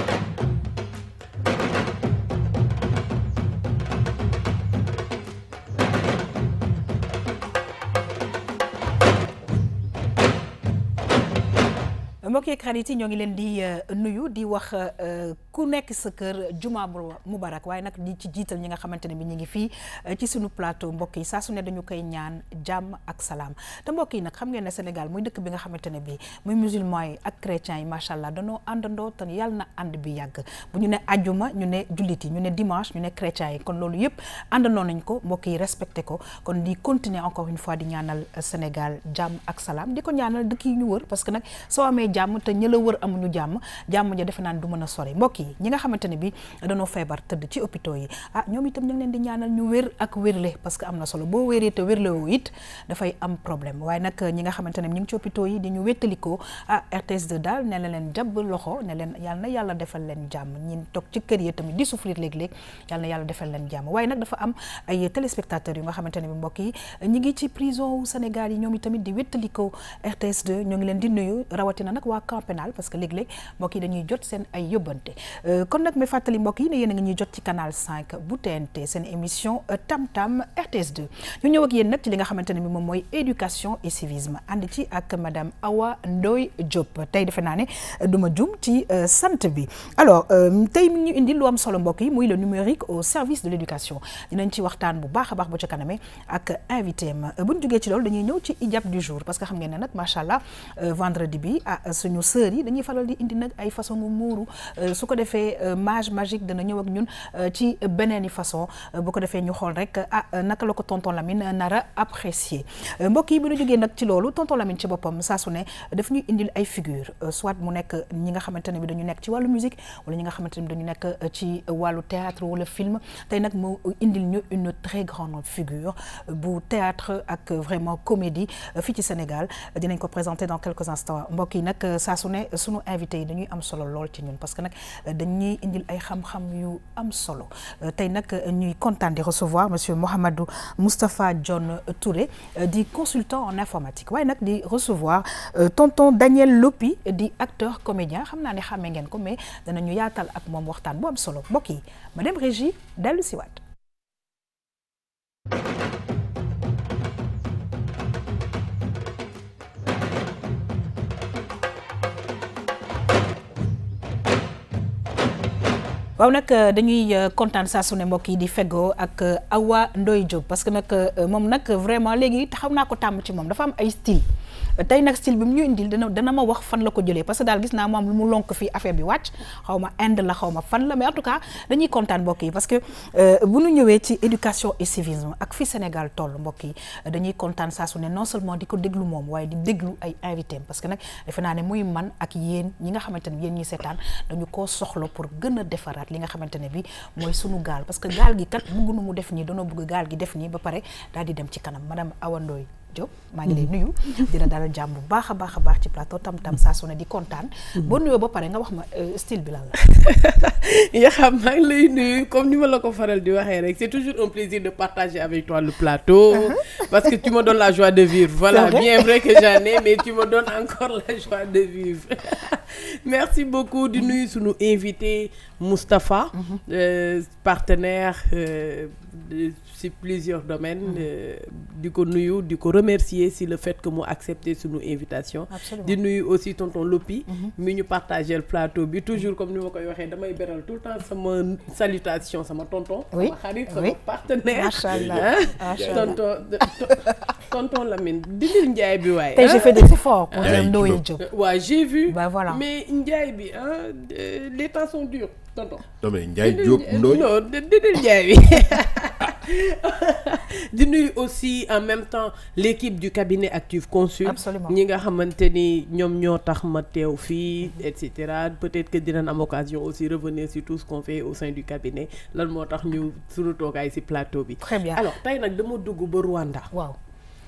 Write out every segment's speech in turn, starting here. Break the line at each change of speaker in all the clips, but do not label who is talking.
Thank you. mbokk yi crédit ñoo ngi leen di euh, nuyu di wax euh, ku nekk sa kër juma bu mubarak waaye nag di ci jiital ñi nga xamante ne bi ñu ngi fii euh, ci sunu plateau mbokk yi saa su ne dañu koy ñaan jàmm ak salaam te mbokk yi nag xam ngeen ne sénégal muy dëkk bi nga xamante ne bi muy musulman yi ak chrétien yi macha allah dañoo àndandoo tan yàll na ànd bi yàgg bu ñu ne ajuma ñu ne jullit yi ñu ne dimanche ñu ne chrétien yi kon loolu yëpp àndandoo nañ ko mbokk yi respecté ko kon di continuer encore une fois di ñaanal sénégal jàmm ak salaam di ko ñaanal dëkk yi ñu wër parce que nag soo amee jàmm te ña la wër amuñu jàmm jàmm ja defe naan du mën a sori mbokk yi ñi nga xamante ne bi dañoo feebar tëdd ci hôpitaux yi ah, ñoom itam ñu ngi leen di ñaanal ñu wér ak wérle parce que am na solo boo wéree te wérle am problème waaye nag ñi nga xamante ne ñu ngi ci yi di ñu wéttalikoo ah rts daal ne la leen jàbb loxo ne leen yàlla yàlla defal leen jàmm ñi toog ci kër yi tamit di souffrir léeg-léeg yàlla na yàlla defal leen jàmm waaye nag dafa am ay téléspectateurs yu xamante ne bi mbokk yi ñi ngi ci prison wu Sénégal yi ñoom itamit di wéttalikoo RTS2 ñoo ngi leen di nuyu rawatina nag wa camp pénal parce que léeg-léeg mbokk dañuy jot sen ay yobante euh kon nak me fatali mbokk yi ne yéen a ñuy jot ci canal 5 bu TNT seen émission euh, Tam Tam RTS 2 ñu ñëw ak yéen nak ci li nga xamante mom moy éducation et civisme ànd ci ak madame Awa Ndoy Diop tay defe naa euh, duma djum ci euh, sant bi alors tey ñu indi lu am solo mbokk muy le numérique au service de l'éducation dinañ ci waxtaan bu baax baax bu ci kaname ak invité am bu ci lool dañuy ñëw ci ijab du jour parce que xam ngeen nak machallah vendredi bi suñu sœur yi dañuy falal di indi ay façon euh, su euh, magique ñëw ak euh, façon bu ko ñu ah, la tonton Lamine nara apprécier tonton Lamine ci daf figure soit mu nekk ñi nga dañu ci musique wala ñi nga dañu film tay nak mo une très grande figure bu théâtre ak vraiment comédie fi ci Sénégal dinañ ko présenter dans quelques instants euh, sa suné ne sunu invité dañuy am solo lol ci ñun parce que nak euh, dañuy indil ay xam-xam yu am solo euh, tay nak ñuy kontaan de recevoir monsieur Mouhamadou Mustapha John Touré dit consultant en informatique way nak di recevoir tonton Daniel Lopi dit acteur comédien xamna naa xamé ngeen ko mais danañu yaatal ak mom waxtaan bu am solo bokki yi madame Régie dellu siwaat waaw nag euh, dañuy euh, kontaan saa su ne mbokk yi di feggoo ak euh, Awa Ndoye Diop parce que nag moom nag vraiment léegi taxaw naa ko tàmm ci moom dafa am ay style tay nak style bi mu ñu indil dana dana ma wax fan la ko jëlé parce que dal gis na mo am lu mu lonk fi affaire bi wacc xawma ma Inde la xawma fan la mais en tout cas dañuy contane mbokk yi parce que euh, bu ñu ñëwé ci éducation et civisme ak fi Sénégal toll mbokk yi dañuy contane sa su ne non seulement diko ko déglu mom waye di déglu ay invité parce que nak defe naa ne muy man ak yeen ñi nga xamante yeen ñi sétane dañu ko soxlo pour gëna défarat li nga xamante bi moy sunu gal parce que gal gi kat bëggunu mu def ni danoo bëgg gal gi def ni ba paré dal di dem ci kanam madame Awa Diop maa ngi lay nuyu dina dalal jàmm bu baax a baax ci plateau tam tam sa su di contane bo nuyo ba pare nga wax ma euh, style bi lan la
ya xam nuyu comme nous ma la ko faral di rek c'est toujours un plaisir de partager avec toi le plateau uh-huh. parce que tu me donnes la joie de vivre voilà bien vrai que j'en ai mais tu me donnes encore la joie de vivre merci beaucoup di mm-hmm. nuyu sunu invité Moustapha. Mm-hmm. Euh, partenaire euh, plusieurs domaines. Mm-hmm. Euh, di ko nuyu du remercier si le fait que mu accepté sunu invitation. di nuyu aussi tonton Lopi. mi ñu partager le plateau bi toujours comme nous on dit damay tout le temps mon salutation sama tonton. sama partenaire. Hein? tonton tonton Lamine dindil njaay bi j'ai hein? fait des efforts pour Ndoye Diop. oui j'ai vu. bah voilà mais Ndiaye bi euh, les temps sont durs tonton.
non mais Ndiaye Diop Ndoye non
déedéet Ndiaye bi. di nuyu aussi en même temps l'équipe du cabinet Active Consul. Absolument. nga xamante ni ñoom ñoo tax ma peut-être que nous avons occasion aussi revenir sur tout ce qu'on fait au sein du cabinet lan avons tax ñu suñu toogaay ci plateau bi. très bien alors nous avons dama dugg ba Rwanda. waaw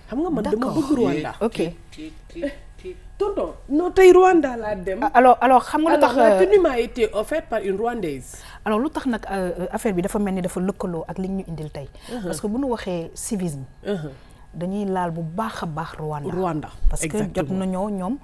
xam nga man dama Rwanda. ok. tonton non tey Rwanda laa dem. Ah, alors xam nga lu tax la euh, par une Rwandaise. lu tax
nag euh, euh, affaire bi dafa mel ni dafa lëkkaloo ak li ñu indil tey. Uh-huh. parce que bu nu waxee bi uh-huh. dañuy laal bu baax a baax Rwanda. Rwanda parce que jot na nañoo ñoom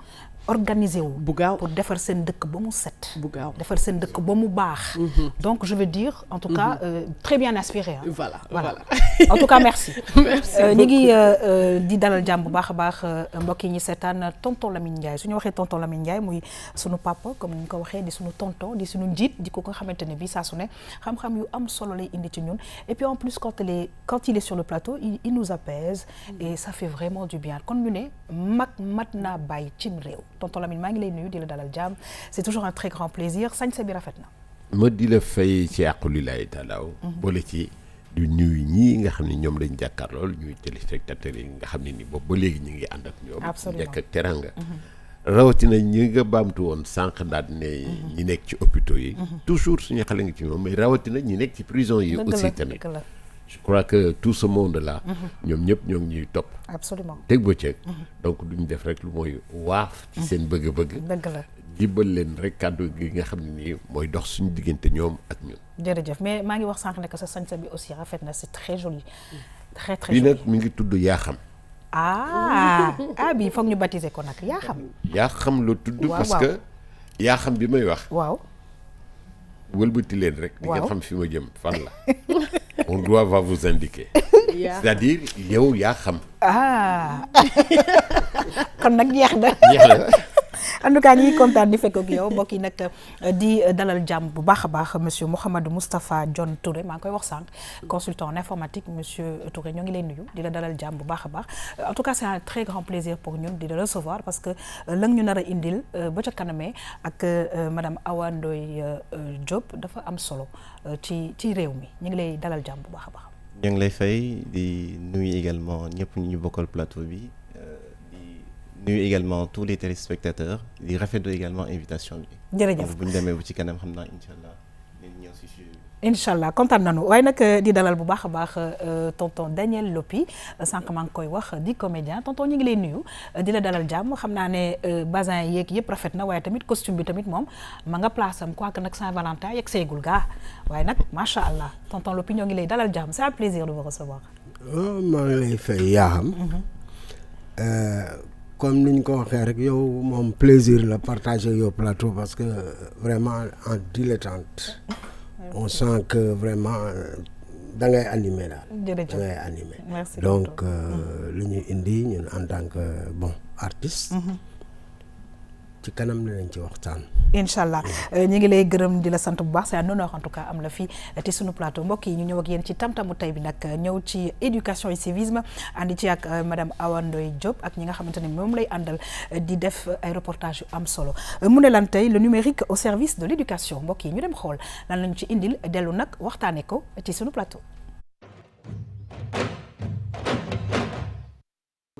organisé wu. pour defar sen deuk bamou set. bu sen deuk bamou bax mhm. donc je veux dire en tout cas mhm. euh, très bien inspiré hein. voilà voilà en tout cas merci. merci euh, ñi euh, di dalal jàmm bu baax a baax mbokk yi ñu seetaan tonton Lamine Ndiaye suñu ñu tonton Lamine Ndiaye muy suñu papa comme ni ñu ko waxee di suñu tonton di suñu njiit di ko nga xamante ne bii saa xam-xam yu am solo lay indi ci ñun et puis en plus quand il est quand il est sur le plateau il nous apaise mm. et ça fait vraiment du bien kon ñu ne mag mat naa bàyyi tonton Lamine maa ngi lay nuyu di la dalal jam c'est toujours un très grand plaisir sañ sañse bi rafetna
na. ma di la fay ci àqu lillahi mhm. bo le ci du nuyu ñi nga xamni ñom ñoom lañ lol ñuy téléspectateurs yi nga xamni ni bo ba léegi ñu ngi ànd ak ñoom. absolument njëkk ak teranga. Mhm. rawatina ñi nga bamtu won sank daal ne mhm. ñi nek ci hôpitaux yi. toujours suñu xalé ngi ci moom mais na ñi nek ci prison yi. aussi tamit je crois que tout ce monde-là. ñom ñep ñoo ngi ñuy topp. absolument bo ci mhm. donc duñ def rek lu mooy waaf. ci seen mhm. bëgg-bëgg. dëgg la dibal leen rek kàddu gi nga xam ne mooy dox suñu diggante ñoom ak ñun.
jërëjëf mais maa ngi wax sànq ne que sa sañsa bi aussi rafet na c'est très joli. très très joli bii
nag mi ngi tudd yaa xam.
ah ah bii foog ñu baptiser ko nag yaa xam.
yaa xam la tudd. parce que yaa xam bi may wax. waaw. wëlbati leen rek. di nga xam fi ma jëm fan la. on doit vous indiquer.
c'est-à-dire yow yaham. ah kon nak jeex da en tout cas ñi kontaan di fekk ak yow mbokk yi euh, di euh, dalal jàmm bu monsieur Mohamed Mustapha John Touré ma koy wax consultant en informatique monsieur Touré ñoo ngi lay nuyu di la dalal jàmm bu euh, en tout cas c'est un très grand plaisir pour ñun di le recevoir parce que la ñu nar indil ba ca kanamee ak madame Awa Job dafa am solo ci ci réew mi ñu ngi lay dalal jàmm bu baax a baax.
ñu ngi lay fay di nuyu également ñepp ñu bokal plateau bi nuyu également tous les téléspectateurs les rafetlu également invitation bi. jërëjëf bu ñu bu ci kanam xam naa incha nañu
euh, di dalal bu euh, tonton Daniel Lopi sank maa koy wax euh, di comédien tonton ñi ngi lay nuyu di la dalal jamm xamna né ne basin yeeg rafet na waaye tamit costume bi tamit mom ma nga place am quoi que nak Saint-Valentin yegg sey gaa waaye nag macha allah tonton Lopi ñi ngi lay dalal jamm c'est un plaisir de vous recevoir.
Oh, ma ngi lay fay mhm. euh comme nous nous ko mon plaisir de partager le plateau parce que vraiment en dilettante on sent que vraiment c'est animé donc nous sommes indignes en tant que bon artiste. Mm-hmm ci kanam nañ ci waxtaan.
inshallah mm. euh, ñi ngi lay gërëm di la sant bu baax c'est un honneur en tout cas am la fi ci sunu plateau mbokk yi ñu ñëw ak yeen ci tam tay bi nak ñëw ci éducation et civisme andi ci ak euh, madame Awa job ak ñi nga xamanteni ne moom lay andal euh, di def ay reportage am solo mu ne lan tay le numérique au service de l'éducation mbokk yi ñu dem xol lan lañ ci indil delu nak waxtane ko ci sunu plateau.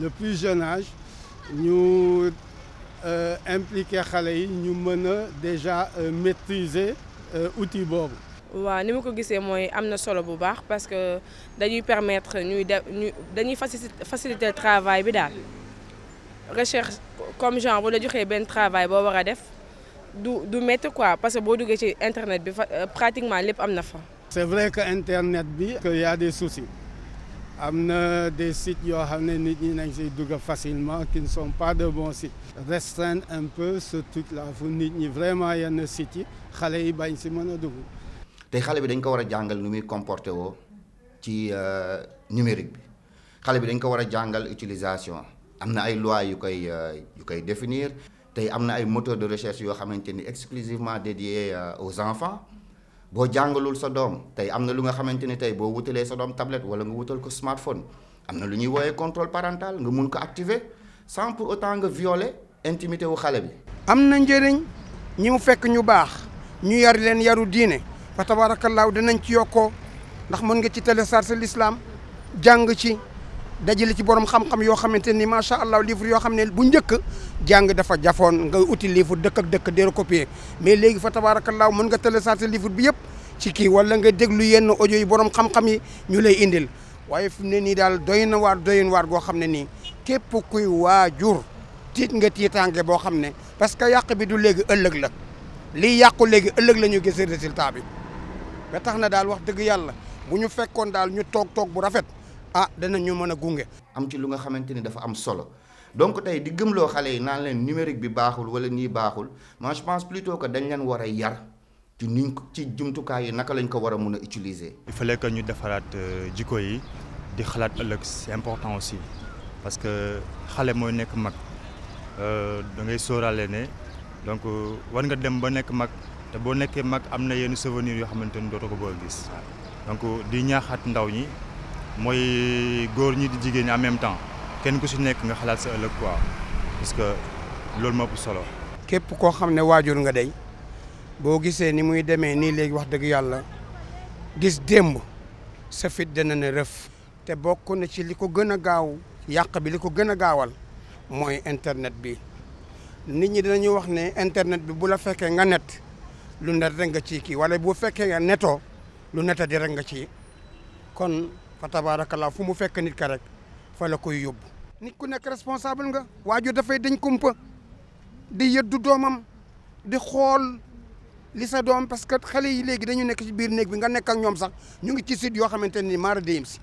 le plus jeune âge nous euh, impliqué xale yi ñu mën déjà euh, maîtriser euh, outil boobu.
Wa, ni ma que c'est mooy am na solo bu parce que dañuy permettre nous def dañuy faciliter travail bi daal recherche comme genre bu la joxee un travail boo war a def du du quoi parce que vous duggee ci internet pratiquement lépp am
c'est vrai que internet bi. que y a des soucis. Amener des sites yoo xam nit ñi nañ facilement qui ne sont pas de bons sites restreindre un peu ce truc là Vous nit ñi vraiment yenn sites yi xale yi bañ si mën a dugg.
tey xale bi dañ ko war jàngal comporté ci euh, numérique bi xale bi dañ ko war jàngal utilisation am ay loi yu koy euh, yu koy définir tey am na ay moteur de recherche yoo xamante exclusivement dédié euh, aux enfants. boo jàngalul sa doom tey am na lu nga xamante ni tey boo wutalee sa doom tablette wala nga wutal ko smartphone am na lu ñuy woowee contrôle parental nga mun ko activer sans pour autant nga violer intimité wu xale bi. am na njëriñ ñi mu fekk ñu baax ñu yar leen yaru diine fa
tabaarakallaahu danañ ci yokkoo ndax mën nga ci sar sa lislaam jàng ci. dajale ci borom xam-xam yoo xamante ni macha allah livre yoo xam ne bu njëkk jàng dafa jafoon nga uti livre dëkk ak dëkk di recopier mais léegi fa tabaarakallaahu mën nga télécharger livre bi yëpp ci kii wala nga déglu yenn ojo yi borom xam-xam yi ñu lay indil waaye fu mu ne nii daal doy na waar doyin waar goo xam ne nii képp kuy waajur tiit nga tiitaange boo xam ne parce que yàq bi du léegi ëllëg la lii yàqu léegi ëllëg la ñu gis résultat bi
ba tax na daal wax dëgg yàlla bu ñu fekkoon daal ñu toog toog bu rafet ah dana ñu mëna gungé am ci lu nga xamanteni dafa am solo donc tay di gëm lo xalé yi nan leen numérique bi baxul wala ni baxul moi je pense plutôt que dañ leen wara yar ci niñ ci jumtu kay yi naka lañ ko wara mëna utiliser il fallait que ñu défarat euh, jiko yi di xalat ëlëk c'est important aussi parce que xalé moy nek mak euh da ngay soralé né donc euh, war nga dem ba nek mak te bo nekké mak amna yeen souvenir yo xamanteni doto ko bo gis donc euh, di ñaaxat ndaw ñi mooy góor ñi di jigéen ñi même temps kenn ku si nekk nga xalaat sa ëllëg quoi parce que loolu moo ëpp solo.
képp koo xam ne waajur nga day boo gisee ni muy demee nii léegi wax dëgg yàlla gis démb sa fit dana ne rëf. te bokk na ci li ko gën a gaaw yàq bi li ko gën a gaawal mooy internet bi nit ñi dinañu wax ne internet bi bu la fekkee nga net lu net rek nga ci kii wala bu fekkee nga netoo lu net di rek nga ci kon. fa la fu mu fekk nit ka rek fa la koy yóbbu. nit ku nekk responsable nga. waajur dafay dañ kumpa di yëddu doomam di xool li sa doom parce que xale yi léegi dañu nekk ci biir néeg bi nga nekk ak ñoom sax ñu ngi ci site yoo xamante ni maara déyim si.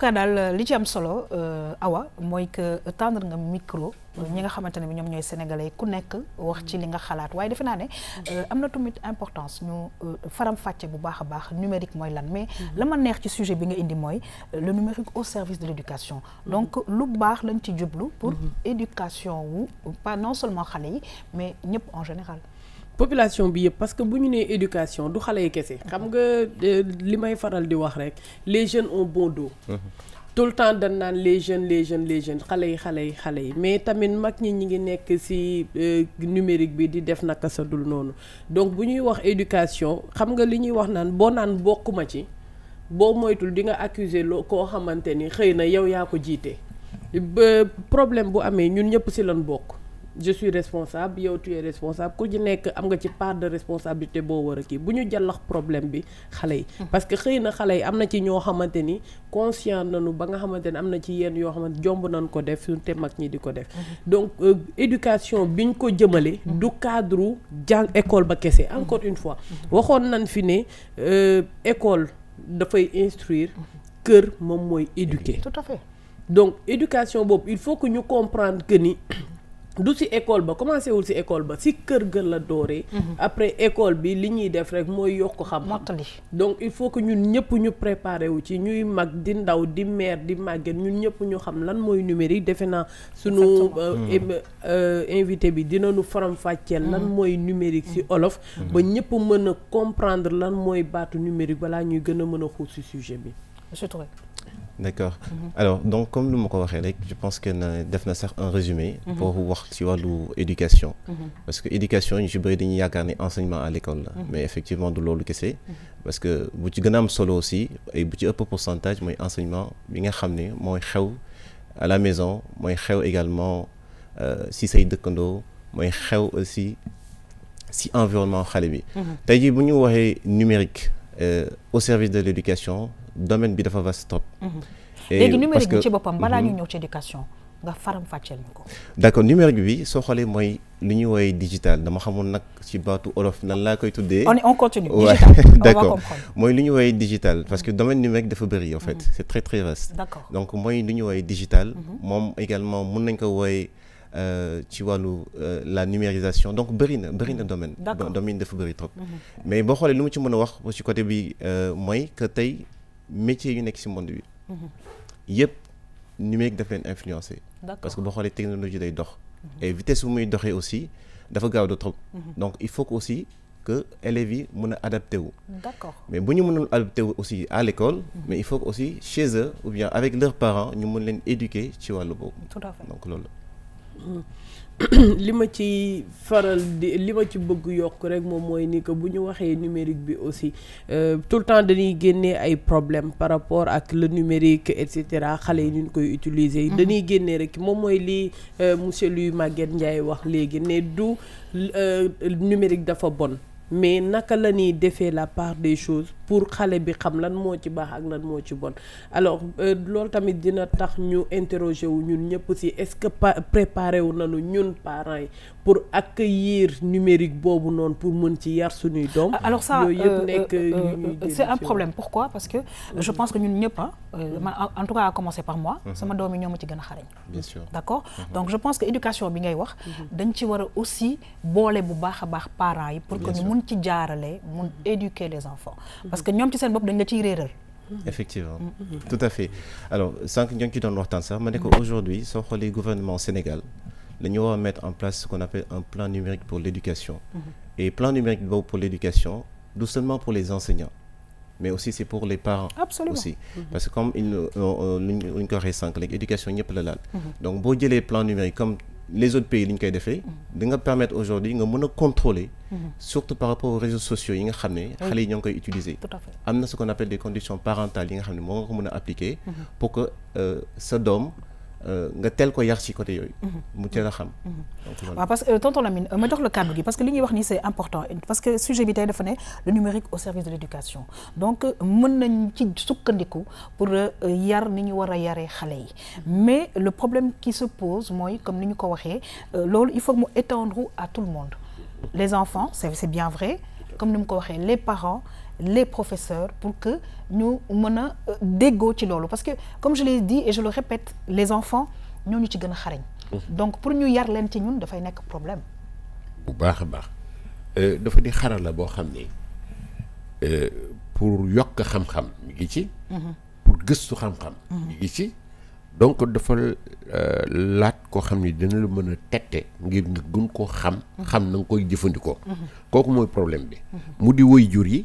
cas daal euh, li ci am solo euh, Awa mooy que tendre nga micro. Mhm. ñi nga xamante ne bi ñoom ñooy sénégalais ku nekk wax ci li nga xalaat waaye defe naa ne mhm. euh, am tout tamit importance ñu faram-fàcce bu baax a baax numérique mooy lan mais mhm. la ma neex ci sujet bi nga indi mooy le numérique au service de l'éducation donc lu baax lañ ci jublu pour éducation ou pas non seulement xale yi mais ñëpp en général
population bi parce que bu ñu éducation du xale kessé xam nga euh, limay may faral di wax rek les jeunes ont bon dos tout le temps dañ les jeunes les jeunes les jeunes xale yi xale mais tamen mag ñi ñi ngi nekk ci euh, numérique bi di def naka sa dul noonu donc bu ñuy wax éducation xam nga li ñuy wax nan bo nan bokuma ci bo moytul di nga accuser loo koo xamante ni yow ya ko jité problème bu amé ñun ñëpp ci lan bokk je suis responsable yow tu es responsable ku ci nekk am nga ci part de responsabilité boo war a kii bu ñu jàllax problème bi xale yi. Hmm. parce que xëy na xale yi am na ci ñoo xamante ni conscient nañu ba nga xamante ni am na ci yenn yoo xamante jomb nan ko def suñu te mag ñi di ko def. Hmm. donc euh, éducation biñ ko jëmale. Hmm. du cadre jàng école ba kese encore une fois. waxoon nañ fi ne euh, école dafay instruire. kër moom mooy éduquer. tout à fait donc éducation boobu il faut que ñu comprendre que ni. du si école ba commencé wul ci école ba ci kër gën la dooree. Mhm. après école bi li ñuy def rek mooy yokk xam. mottali donc il faut que ñun ñëpp ñu préparé wu ci ñuy mag di ndaw di meer di màgget ñun ñëpp ñu xam lan mooy numérique defe naa. sunu euh, hmm. euh, invité bi dinañu faram fàcceel lan hmm. mooy numérique ci hmm. olof. ba ñëpp mën a comprendre lan mooy baatu numérique balaa ñuy gën a mën a xuus ci sujet bi. je trouve.
d'accord mhm. alors donc comme nous vous ko je pense que na def faire un résumé. Mhm. pour voir ci wàllu éducation. Mhm. parce que éducation je ci qu'il y a un enseignement à l'école mais effectivement ce que c'est. parce que bu ci avez un solo aussi et bu ci de pourcentage mais enseignement bi nga xam ne à la maison mooy xew également euh, si say dëkkandoo mooy xew aussi si environnement vous avez dit, jii bu numérique euh, numérique au service de l'éducation domaine bi dafa vaste trop. Mhm. léegi numérique ci bopam bala mhm. ñu ñëw
ci éducation nga faram fàcceel ñuko
d'accord numérique bi so xolé moy lu ñu woy digital dama xamone nak ci batu olof nan la koy tuddé on on continue digital d'accord moy mooy lu ñu woy digital parce que mhm. domaine numérique dafa bëri en fait c'est très très vaste. d'accord donc moy lu ñu woy digital. mom également mën nañ ko woowee. Euh, ci walu euh, la numérisation donc bëri na bëri na domaine domaine dafa bëri trop mais bo xolé lu mu ci mëna wax ci côté bi euh, moy que tay métiers yu nekk ci monde bi. Mhm. yépp numérique daf leen influencer. parce que boo xoolee technologie day dox. Mhm. et vitesse bu muy doxee aussi dafa gaaw de trop. Mhm. donc il faut que aussi que élèves yi mën a adapté wu. mais bu ñu mënul adapté aussi à l'école. mais il faut aussi chez eux ou bien avec leurs parents ñu mën leen éduquer ci wàllu boobu. tout à fait donc loolu.
li ma ci faral di li ma ci bëgg yokk rek moom mooy ni que bu ñu waxee numérique bi aussi euh, tout le temps dañuy génnee ay problème par rapport ak le numérique et cetera xale yi ñu koy utiliser. Mhm. dañuy génnee rek moom mooy lii euh, monsieur luy màgget Ndiaye wax léegi ne du euh, numérique dafa bon. mais naka la défé la part des choses pour xalé bi xam lan mo ci bax ak lan mo ci bon alors euh, lool tamit dina tax ñu interroger wu ñun ñëpp ci est-ce que préparé wu nañu ñun parents pour accueillir numérique bobu non pour mon ci yar suñuy dom ah, alors ça euh, euh, euh, c'est un problème pourquoi parce que mhm. je pense que nous ñëpp sommes ah, pas. en
tout cas à commencer par moi. Mhm. sama domi ñom ma ci une a bien sûr d'accord mhm. donc je pense que l'éducation bi ngay wax. dañ ci aussi bolé bu baax parents pour que les mun ci jaarale éduquer les enfants. parce que ñom ci seen bopp dañ la ci
effectivement tout à fait alors sans que nous ci dans waxtaan temps, ma ne ko aujourd'hui soo le gouvernement Sénégal. Nous allons mettre en place ce qu'on appelle un plan numérique pour l'éducation mhm. et plan numérique pour l'éducation non seulement pour les enseignants mais aussi c'est pour les parents aussi mhm. parce que comme une euh, euh, une ko récente, l'éducation pas éducation mhm. donc boo les plan numérique comme les autres pays li fait koy permettre aujourd'hui de contrôler surtout par rapport aux réseaux sociaux yi nga qui ont utilisé. utiliser ce qu'on appelle des conditions parentales yi nga appliquer pour que ce euh, dôme, euh, nga tel ko yar ci côté mhm. mu mhm. parce
que euh, tonton Lamine euh, ma le parce que c'est important parce que sujet bi le numérique au service de l'éducation donc mën nañ ci sukkandiku pour yar ni ñu wara yaré mais le problème qui se pose comme il faut étendre à tout le monde les enfants c'est bien vrai comme les parents les professeurs pour que ñu mën a euh, ci parce que comme je l'ai dit et je le répète les enfants nous ñu ci gën a mhm. donc pour ñu yar leen ci ñun dafay nekk problème
bu baax a baax euh, dafa di xarala boo xam euh, pour yokk xam-xam mi ngi ci mhm. pour gëstu xam-xam mi mhm. ngi ci donc dafa laat koo xam ni dina la mën a tette ngir nga gën koo xam xam na nga koy jëfandikoo kooku mooy problème bi mu di woy jur yi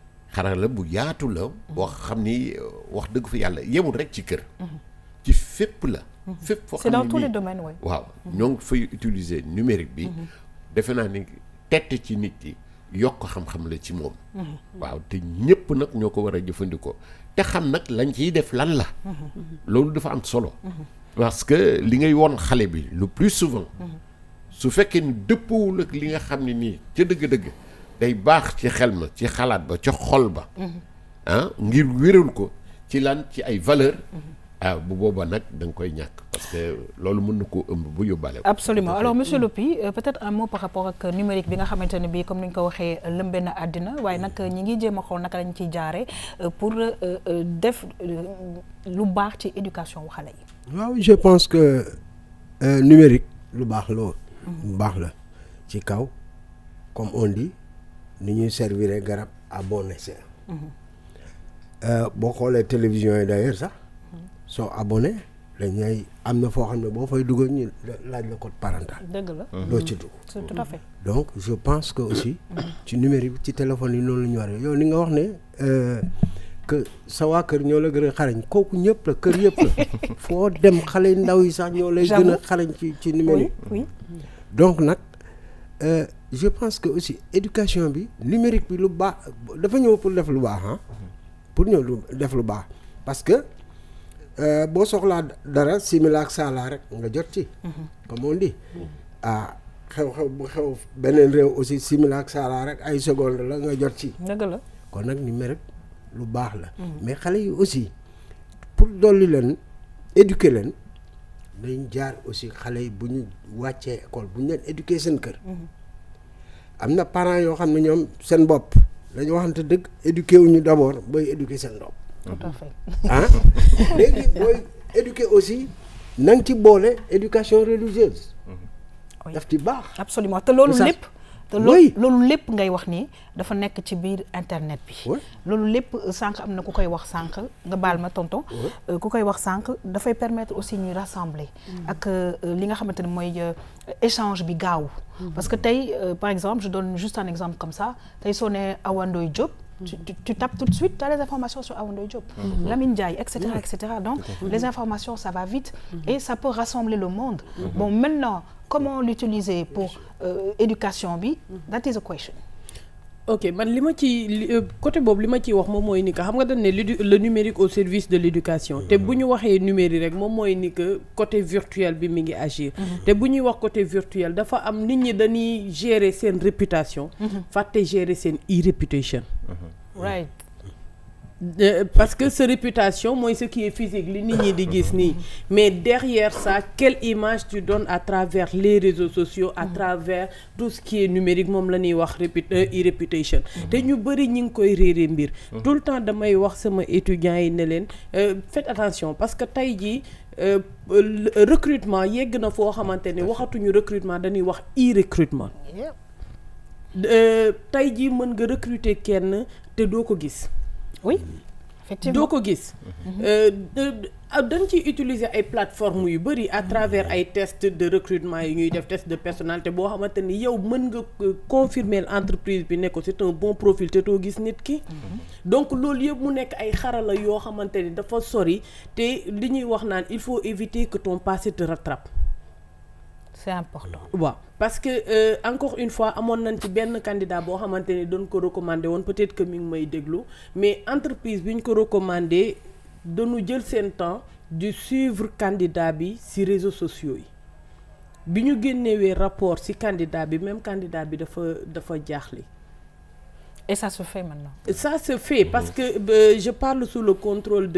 xarala bu yaatu la. boo xam ni euh, wax dëgg fa yàlla yemul rek ci kër. Mhm. ci fépp la. Mhm. fépp foo xam ne c'est dans waaw. ñoo fay utiliser numérique bi. Mhm. defe naa ni tett ci nit yi yokk xam-xam la ci moom. waaw te ñëpp nag ñoo ko war a jëfandikoo te xam nag lañ ciy def lan la. loolu dafa am solo. parce que li ngay woon xale bi le plus souvent. su fekkee ni dëppoowul ak li nga xam ne nii ca dëgg-dëgg. day bax ci xel ma ci xalaat ba ci xol ba ah ngir wérul ko ci lan ci ay valeur mhm. ah bu boobaa nak dang koy ñak parce que lolu mën ko ëmb bu yobale
absolument alors monsieur mm. lopi euh, peut-être un mot par rapport ak numérique bi nga xamante bi comme niñ ko waxé lëmbe na àddina waaye nag mm. ñi ngi jéma a nak lañ ci jaare euh, pour euh, def lu bax ci éducation wu xale yi.
waaw je pense que numérique lu bax la mm. bax la ci kaw comme on dit ni ñuy servir garab à bon escient. Euh, boo xoolee télévision yi d'ailleurs sax soo abonné dañuy am na foo xam ne boo fay dugg ñu laaj la code parental.
dëgg la mhm. doo ci dugg. tout à fait
donc je pense que aussi. Mhm. ci numérique ci téléphone yi noonu la ñu war yow ni nga wax ne. Euh, que sa waa kër ñoo la gën a xarañ kooku ñëpp la kër yëpp la foo dem xale ndaw yi sax ñoo lay gën a xarañ ci ci numérique donc nag euh, je pense que aussi éducation bi numérique bi lu baax dafa ñëw pour def lu baax hein pour ñëw lu def lu baax parce que euh bo soxla dara simila ak rek nga jot ci. Mhm. comme on dit ah xew-xew bu xew beneen réew aussi simila ak rek ay seconde la nga jot ci. dëgg la kon nak numérique lu baax la. Mhm. mais xalé yi aussi pour doli len éduquer len nañ jaar aussi xalé yi bu ñu école buñu len leen éduquer seen kër. Mhm. am na parents yoo xam ne ñoom seen bopp dañu waxante dëgg éduqué wuñu d' abord booy éduqué seen doom. ah, ah? léegi booy éduqué aussi na ci boole éducation religieuse. daf ci baax. absolument te loolu lépp.
te loolu loolu lépp ngay wax ni dafa nekk ci biir internet bi loolu lépp euh, sànq am na ku koy wax sànq nga baal ma tonton euh, ku koy wax sànq dafay permettre aussi ñuy rassembler mm. ak euh, li nga xamante ne mooy échange bi gaaw mm-hmm. parce que tey par exemple je donne juste un exemple comme ça tey soo nee Awa Diop tu, tapes tout de suite, tu as les informations sur Awondo Diop, mm-hmm. Mm-hmm. Lamine Diaye, etc. etc. Donc, les informations, ça va vite mm-hmm. et ça peut rassembler le monde. Bon, maintenant, comment l'utiliser pour euh, éducation, that is a question
ok man li ma ci euh, côté boobu li ma ciy wax moom mooy ni que xam nga dañ ne le numérique au service de l'éducation mm-hmm. te bu ñu waxee numérique rek moom mooy ni que côté virtuel bi mi ngi agir mm-hmm. te bu ñuy wax côté virtuel dafa am nit ñi dañuy gérer seen réputation mm-hmm. fàtte gérer seen e right euh, parce que ce réputation moi ce qui est physique di mais derrière ça quelle image tu donnes à travers les réseaux sociaux à mm. travers tout ce qui est numérique moom la ñuy wax euh, réputation nous mm. ñu bëri ñi mm. tout le temps damay wax sama étudiants yi euh, faites attention parce que tey recrutement, recrutement yegg na tu xamante ne waxatuñu recrutement dañuy wax i recrutement tey jii mën recruter te doko oui effectivement Donc vous gis. Mhm. Euh, ah, dañ ciy utiliser ay plateformes à travers mhm. ay tests de recrutement les tests de personnalité Vous xamante yow mën nga confirmer l'entreprise, bi c'est un bon profil nit ki. Mhm. donc ce que mu nekk ay xarala yoo xamante vous dafa sori te li il faut éviter que ton passé te rattrape c'est important parce que euh, encore une fois il y a un candidat qui a été recommandé peut-être que mi ngi may déglu mais entreprise bi ñu recommandé de nous jël le temps de suivre candidat bi les réseaux sociaux Si nous avons un rapport ci candidat bi même candidat bi dafa dafa et ça se fait maintenant Ça se fait parce mmh. que euh, je parle sous le contrôle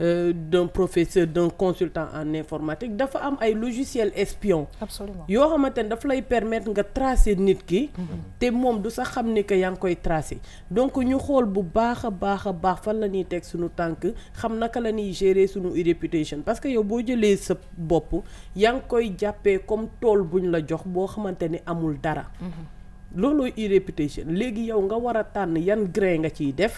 euh, d'un professeur, d'un consultant en informatique. Il mmh. y a un logiciel espion. Absolument. Il faut permettre de tracer les gens et les gens ne Donc nous gérer notre Parce que si vous avez ce bop, vous comme tol le qui loolooy e-réputation léegi yow nga war a tànn yan grain nga ciy def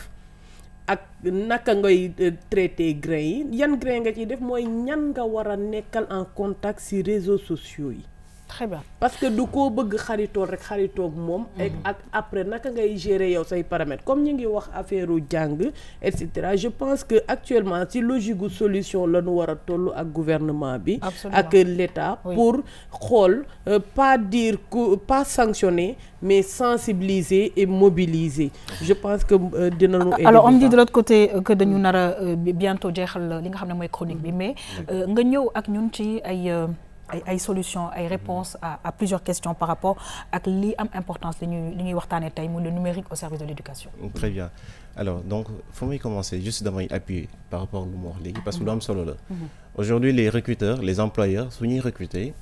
ak naka ngay euh, traité grain yi yan grain nga ciy def mooy ñan nga war a nekkal en contact ci réseaux sociaux yi très bien parce que du on bëgg xaritool rek xaritoog moom. Mhm. ak après naka gérer yow paramètres comme on ngi wax affaire jàng et cetera je pense que actuellement ci logique solution la ñu à a ak gouvernement bi. ak l'État pour ne euh, pas dire pas sanctionner mais sensibiliser et mobiliser je pense que euh, alors on dit de
l'autre côté euh, que dañu nara bientôt jeexal li nga xamné chronique mhm. mais nga allons ak ñun ci ay ay une solution ay mhm. réponses à à plusieurs questions par rapport à l'importance am importance li le numérique au service de l'éducation. Mm,
très bien alors donc faut me commencer juste d'abord appuyer par rapport au mot, parce que mhm. mhm. aujourd'hui les recruteurs les employeurs sont recruter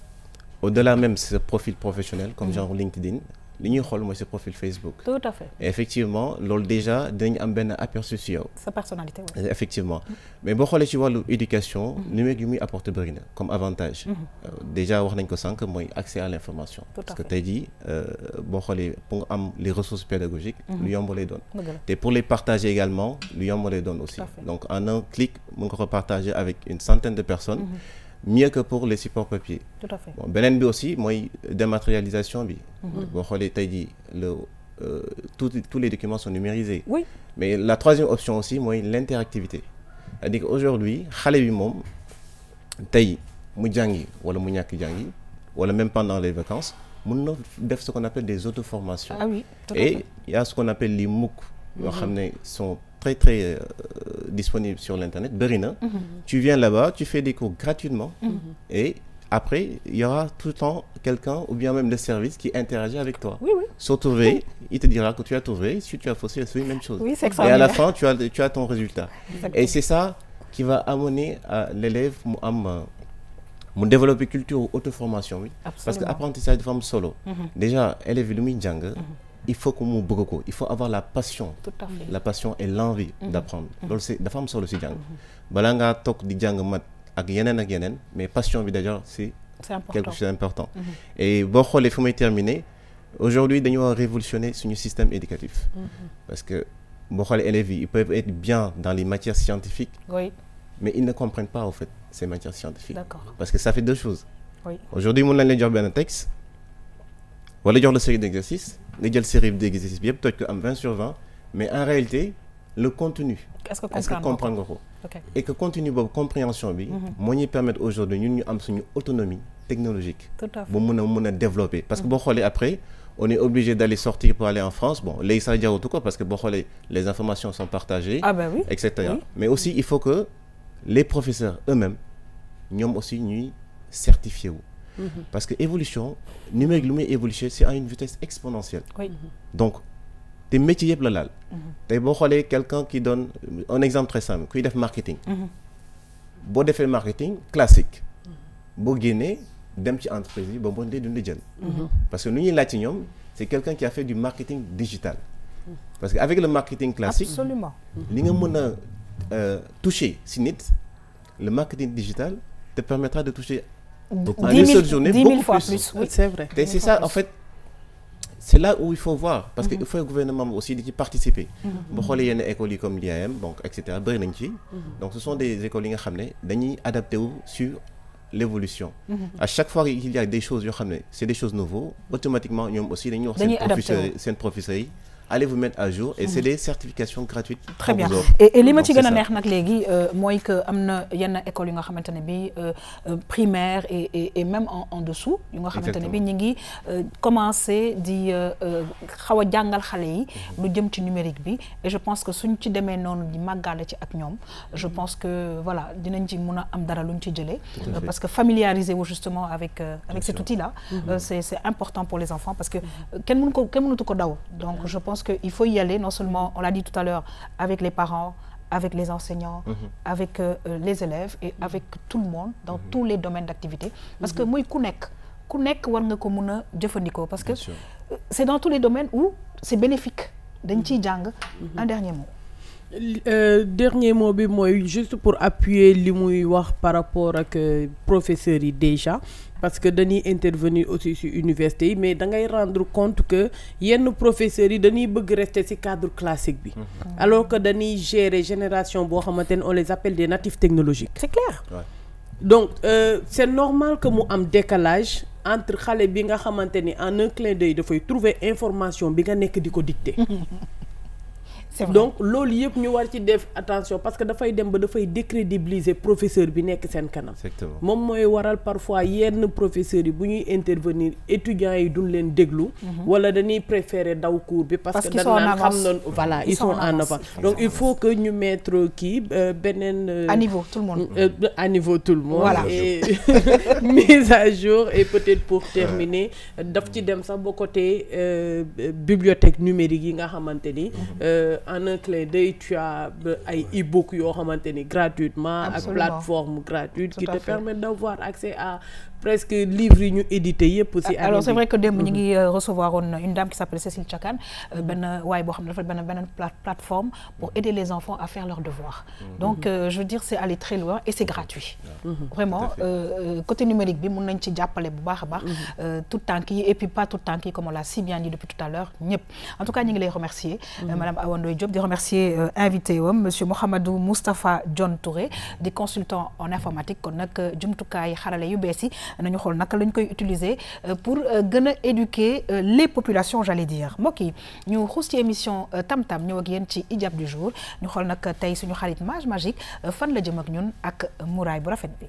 au-delà même de ce profil professionnel comme genre LinkedIn li ñuy xool mooy profil Facebook. tout à fait et effectivement loolu déjà dinañ aperçu sa
personnalité euh,
effectivement mais boo xoolee ci l'éducation, éducation. Mhm. numérique yu muy apporter comme avantage. Mhm. Euh, déjà wax nañ ko accès à l'information. parce que tu as dit, xoolee pour les ressources pédagogiques. Mhm. lu yomb les doon. pour les partager également lu yomb les aussi. donc en un clic mon nga partager avec une centaine de personnes mieux que pour les supports papier. tout à fait bon NB aussi moi, dématérialisation bi. Mhm. le euh, tous les documents sont numérisés. oui mais la troisième option aussi moi, l'interactivité c'est-à-dire qu'aujourd'hui, aujourd'hui xale bi moom tey mu même pendant les vacances ils na def ce qu'on appelle des auto-formations. ah oui tout et il y a ce qu'on appelle les MOOC. qui mhm. sont très très euh, disponible sur l'Internet, Berina. Mhm. Tu viens là-bas, tu fais des cours gratuitement mhm. et après, il y aura tout le temps quelqu'un ou bien même le service qui interagit avec toi. Oui, oui. il te dira que tu as trouvé, si tu as faussé, c'est la même chose. Oui, et à la fin, tu as, tu as ton résultat. Et c'est ça qui va amener l'élève à euh, mon développer culture auto-formation parce que apprentissage de forme solo mhm. déjà élève Lumi jungle il faut il faut avoir la passion la passion et l'envie mm-hmm. d'apprendre mm-hmm. La c'est femme sur le si di mat ak yenen ak mais passion bi c'est quelque chose d'important mm-hmm. et bo les femmes terminer aujourd'hui nous avons révolutionné révolutionner suñu système éducatif parce que les élèves ils peuvent être bien dans les matières scientifiques mais ils ne comprennent pas en fait ces matières scientifiques parce que ça fait deux choses aujourd'hui mun nañ leen jox texte texte wala jox une série d'exercices il y série peut-être 20 sur 20 mais en réalité le contenu. est-ce que vous comprenez et que contenu la compréhension bi. Mhm. aujourd'hui d'avoir une autonomie technologique. tout à fait développer. parce que mhm. après on est obligé d'aller sortir pour aller en France bon ça tout tout parce que les informations sont partagées. Ah ben etc. mais aussi il faut que les professeurs eux-mêmes nous aussi ñuy certifié Mhm. parce que évolution numérique lui muy c'est à une vitesse exponentielle mhm. donc tes métier yëpp la laal mhm. bon quelqu'un qui donne un exemple très simple Qui du marketing
fais
defee marketing classique boo génnee d'un petit entreprise Bon ba d'une dee parce que nous, y c'est quelqu'un qui a fait du marketing digital parce qu'avec le marketing classique absolument li nga euh, toucher si le marketing digital te permettra de toucher donc, en une seule journée, 10 000 beaucoup ah, fois plus. oui. C'est vrai. c'est ça, en fait, c'est là où il faut voir, parce qu'il mhm. faut le gouvernement aussi qui participe. Il mhm. y a des écoles comme l'IAM, donc, etc. Mhm. Donc, ce sont des écoles qui sont adaptées sur l'évolution. À chaque fois qu'il y a des choses, c'est des choses nouvelles, automatiquement, ils ont aussi des professeurs allez vous mettre à jour et c'est mhm. des certifications gratuites. très bien et et les ci gën a neex
nag euh, que amna yenn école yi nga xamante ne bi euh, euh, primaire et et même en en dessous. yi nga xamante bi ñu ngi commencer di xaw a jàngal xale yi. Mhm. lu jëm ci numérique bi et je pense que suñ ci demee noonu di màggaale ci ak ñom je mhm. pense que voilà dinañ ci mëna am dara luñ ci jëlé parce que familiariser vous justement avec avec cet outil là. c'est c'est important pour les enfants parce que kenn mënu ko kenn mënatu ko daw donc je pense pense qu'il faut y aller, non seulement, on l'a dit tout à l'heure, avec les parents, avec les enseignants, mhm. avec euh, euh, les élèves et mhm. avec tout le monde dans mhm. tous les domaines d'activité. Parce que moi, parce que euh, c'est dans tous les domaines où c'est bénéfique un dernier mot
dernier mot juste pour appuyer li par rapport à professeurs déjà parce que Denis intervenu aussi sur l'université, mais da rendre compte que yenn professeurs yi dañuy bëgg rester ci cadre classique mhm. alors que Denis gérer génération on les appelle des natifs technologiques. c'est clair. donc euh, c'est normal que mu un décalage entre les bi nga en un clin d'œil faut trouver information bi nga nekk diko dicter. donc loolu yep ñu war ci def attention parce que fay dem ba fay décrédibiliser professeur bi nek sen kanam mom moy waral parfois yenn professeurs yi bu ñuy intervenir étudiants yi duñ leen déglu mhm. wala dañuy préférer daw cours bi parce que dañ naan xam voilà ils sont en avant donc il faut que ñu mettre kii euh, beneen euh, à niveau tout le monde euh, à niveau tout le monde voilà et mise à jour et peut-être pour terminer daf ci dem sax bo côté bibliothèque numérique yi nga xamanteni mhm. euh, en un clin d'œil tu as un euh, e-book gratuitement une plateforme gratuite qui te permet d'avoir accès à presque livre nous édité ci ah, alors c'est vrai que demain ñi ngi
mhm. euh, recevoir une dame qui s'appelle Cécile Chakan Ben, way bo xamna plateforme pour aider les enfants à faire leurs devoirs mhm. donc euh, je veux dire c'est aller très loin et c'est gratuit mhm. vraiment euh, côté numérique bi mën nañ ci jappalé bu tout temps qui et puis pas tout temps qui comme on l'a si bien dit depuis tout à l'heure en tout cas ñi ngi remercier madame Awa Diop de remercier invité wam monsieur Mohamedou Moustapha John Touré des consultants en informatique qu'on a jumtukaay xarale yu bési nañu xol naka lañ koy utiliser euh, pour euh, gëna éduquer euh, les populations j'allais dire mbokk yi ñu xuus ci émission tam tam ñëw ak yéen ci ijab du jour ñu xol nak tay suñu xarit mage magique fan la jëm ak ñun ak muraay bu rafet bi.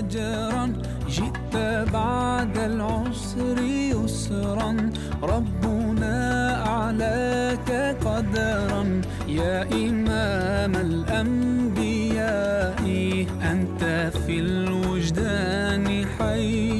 أجرا جئت بعد العسر يسرا ربنا أعلاك قدرا يا إمام الأنبياء أنت في الوجدان حي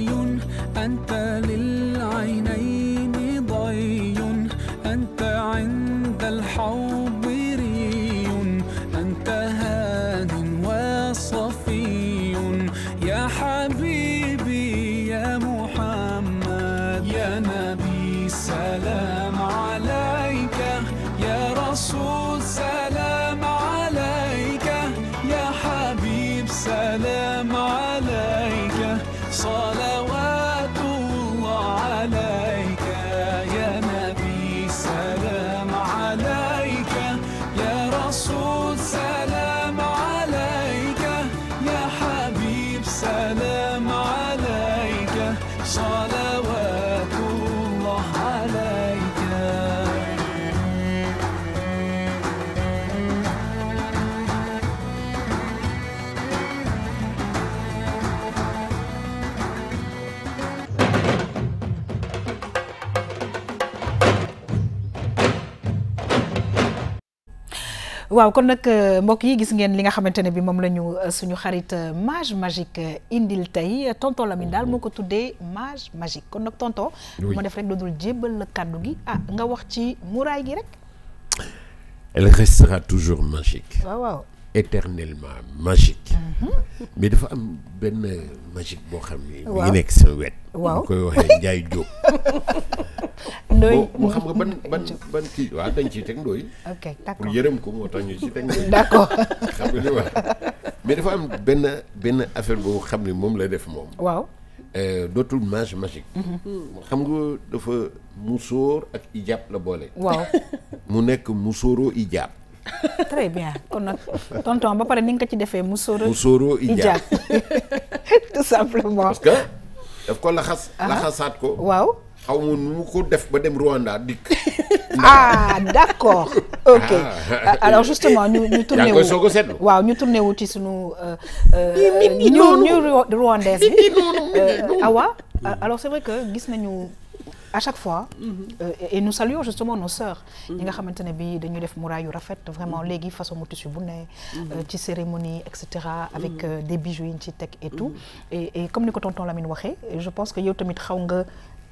waaw kon nak euh, mbok yi gis ngeen li nga xamantene bi mom lañu euh, suñu xarit euh, mage magique indil tay tonton Lamine daal mhm. moo ko tuddee mage magique kon nak tonton mo def rek doonul jébbal le cadeau gi ah nga wax ci muraay gi rek
elle restera toujours magique waaw waaw éternellement magique. Mhm. mais dafa am benn magique boo xam ni. waaw ngi nekk sa wet. waaw koy waxee Ndiaye Diop. ndooy xam nga ban ban ban kii waaw dañ ciy dafa am benn benn affaire boo xam ni moom la def moom. waaw. Euh, dootul mage mhm. nga dafa musóor ak ijaab mu nekk musóoroo ijaab.
très bien kon nag tonton ba pare ni nga ko ci defee musóoro musóoro
ijaab tout simplement parce que daf ko laxas ah. laxasaat ko waaw xaw ma nu mu ko def ba dem Rwanda dikk
ah d'accord ok ah. alors justement ñu ñu tourné wu soo ko seetlu waaw ñu tourné wu ci sunu euh, euh, ñu bi euh, alors c'est vrai que gis nañu à chaque fois. Mhm. Euh, et nous saluons justement nos sœurs. Mhm. ñi nga xamante des bii des def muraay yu rafet vraiment mhm. façon mu tissu bu cérémonies, euh, ci cérémonie et cetera. avec euh, des bijoux yi ci et tout. et et comme nous ko tonton Lamine je pense que yow tamit xaw nga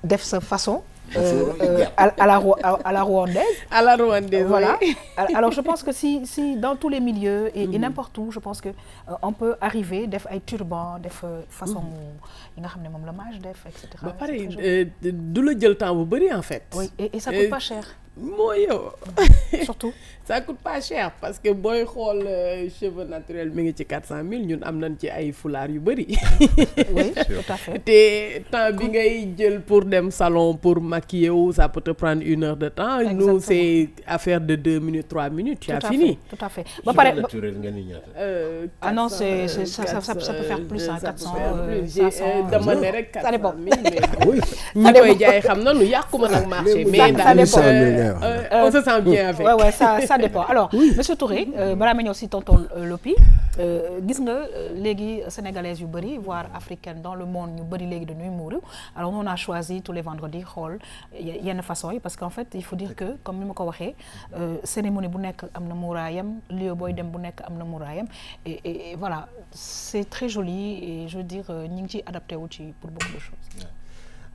def sa façon. Euh, euh, à, la, à, la rwandaise. À la rwandaise, voilà. Alors je pense que si, si dans tous les milieux et, mm-hmm. n'importe où, je pense qu'on euh, peut arriver def ay turban def façon mm-hmm. yi nga xam ne moom mage etc. Pareil.
pare du la jël temps bu en fait. oui et, et ça coûte pas cher. Moi, mm. surtout ça coûte pas cher parce que cheveu cheveux Naturels, même 400 000, oui tout à fait. pour salon pour maquiller ça peut te prendre une heure de temps. nous c'est affaire de deux minutes trois minutes. tu as fini tout
à fait euh, ah non ça peut faire plus 400,
on se sent bien avec dépend alors monsieur
Touré euh, balaa ma ñëw si tonton Lopi euh, gis nga euh, légui sénégalaises yu bari voire africaine dans le monde ñu légui de dañuy alors on a choisi tous les vendredis il y a une façon parce qu'en fait il faut dire que comme ni ma ko cérémonie bu nek amna mourayam, lieu boy dem bu nek amna mourayam et voilà c'est très joli et je veux dire ñi ngi adapté wu ci pour beaucoup de choses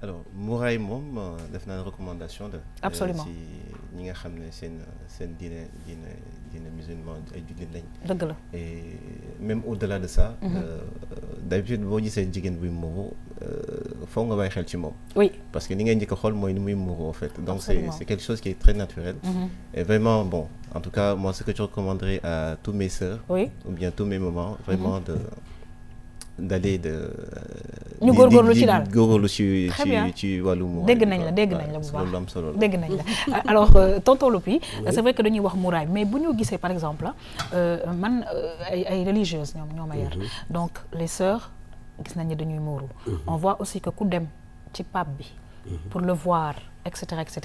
alors et Mom, fait une recommandation de. Euh, absolument ci ñi nga euh, musulman et du et même au delà de ça. Mhm. Euh, d'habitude boo gisee jigéen buy muuru foog nga bàyyi xel ci moom. oui parce que ni ngay njëkk a xool mooy ni en fait. donc c'est quelque chose qui est très naturel. Mhm. et vraiment bon en tout cas moi ce que je recommanderais à tous mes sœurs. ou bien tous mes mamans. vraiment mhm. de d'aller de.
ñu góorgóorlu ci daal
góorgóorlu ci ci ci wàllum. dégg
nañ la dégg nañ la bu baax solo la nañ la alors euh, tonton Lopy c'est vrai que dañuy wax mouray mais bu ñu gissé par exemple euh, man euh, ay ay religieuses ñom ñoma yar mhm. donc les sœurs gis nañ ni dañuy muuru. Mhm. on voit aussi que ku dem ci pap bi. Mhm. pour le voir etc etc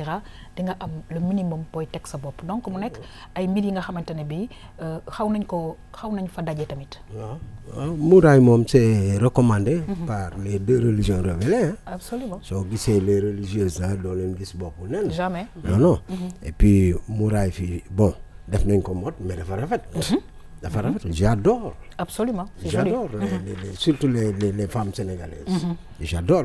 et am le minimum booy teg sa bopp donc mu nekk ay mbir yi nga xamante ne bii euh, xaw nañ ko xaw nañ fa daje tamit.
waaw muuraay moom c'est recommandé. Mhm. par les deux religions révélées hein.
absolument soo
gisee les religieuses ah doo leen gis bopp nen.
jamais non non. Mhm.
et puis muuraay fii bon def nañ ko mot mais dafa rafet. Mhm. Mhm. j'adore.
absolument j'adore mhm.
surtout les femmes sénégalaises. Mhm. j'adore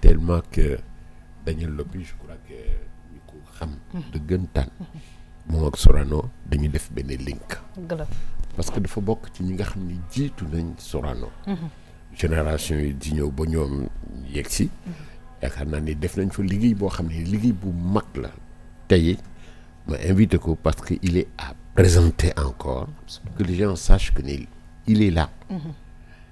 tellement que Daniel Lobby je crois que mhm. de Sorano Daniel def Benelink parce que de que beaucoup de Sorano. Mhm. génération yi di ñëw ba ñoom si. Mhm. ni def parce que il est à présenter encore. que les gens sachent que il est là.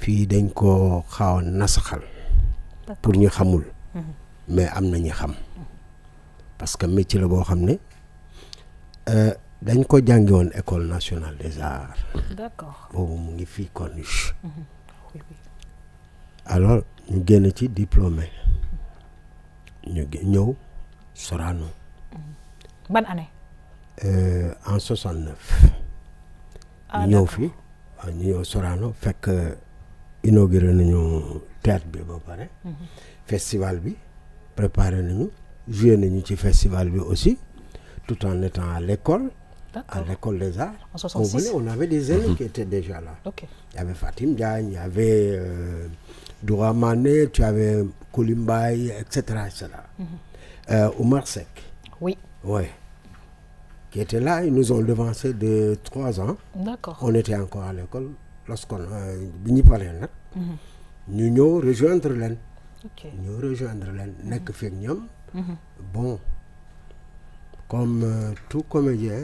fi dañ ko xaw nasaxal pour ñu xamul mais am na ñu xam parce que métier la boo xam ne euh, dañ ko jàngi woon école nationale des arts d'accord boobu mu ngi fii Corniche mhm. alors ñu génn ci diplômé ñu ñëw Sorano
mhm. ban année
euh, en 69 neuf ñu ñëw fii ñu ñëw Sorano fekk inaugurer nañu théâtre bi ba festival bi préparé nañu nous nañu ci festival aussi tout en étant à l'école à l'école des arts. On, avait des élèves mhm. qui étaient déjà là. Il y avait Fatim Diagne, il y avait euh, Mané, tu avais Koulimbay, etc. Mhm. Euh, Omar Sek. Oui. Ouais. Qui était là, ils nous ont devancé de 3 ans. D'accord. On était encore à l'école lorsqu'on euh, bi par nous nous ñu mhm. rejoindre nous nous rejoindre l'un ak mhm. mhm. bon comme euh, tout comédien.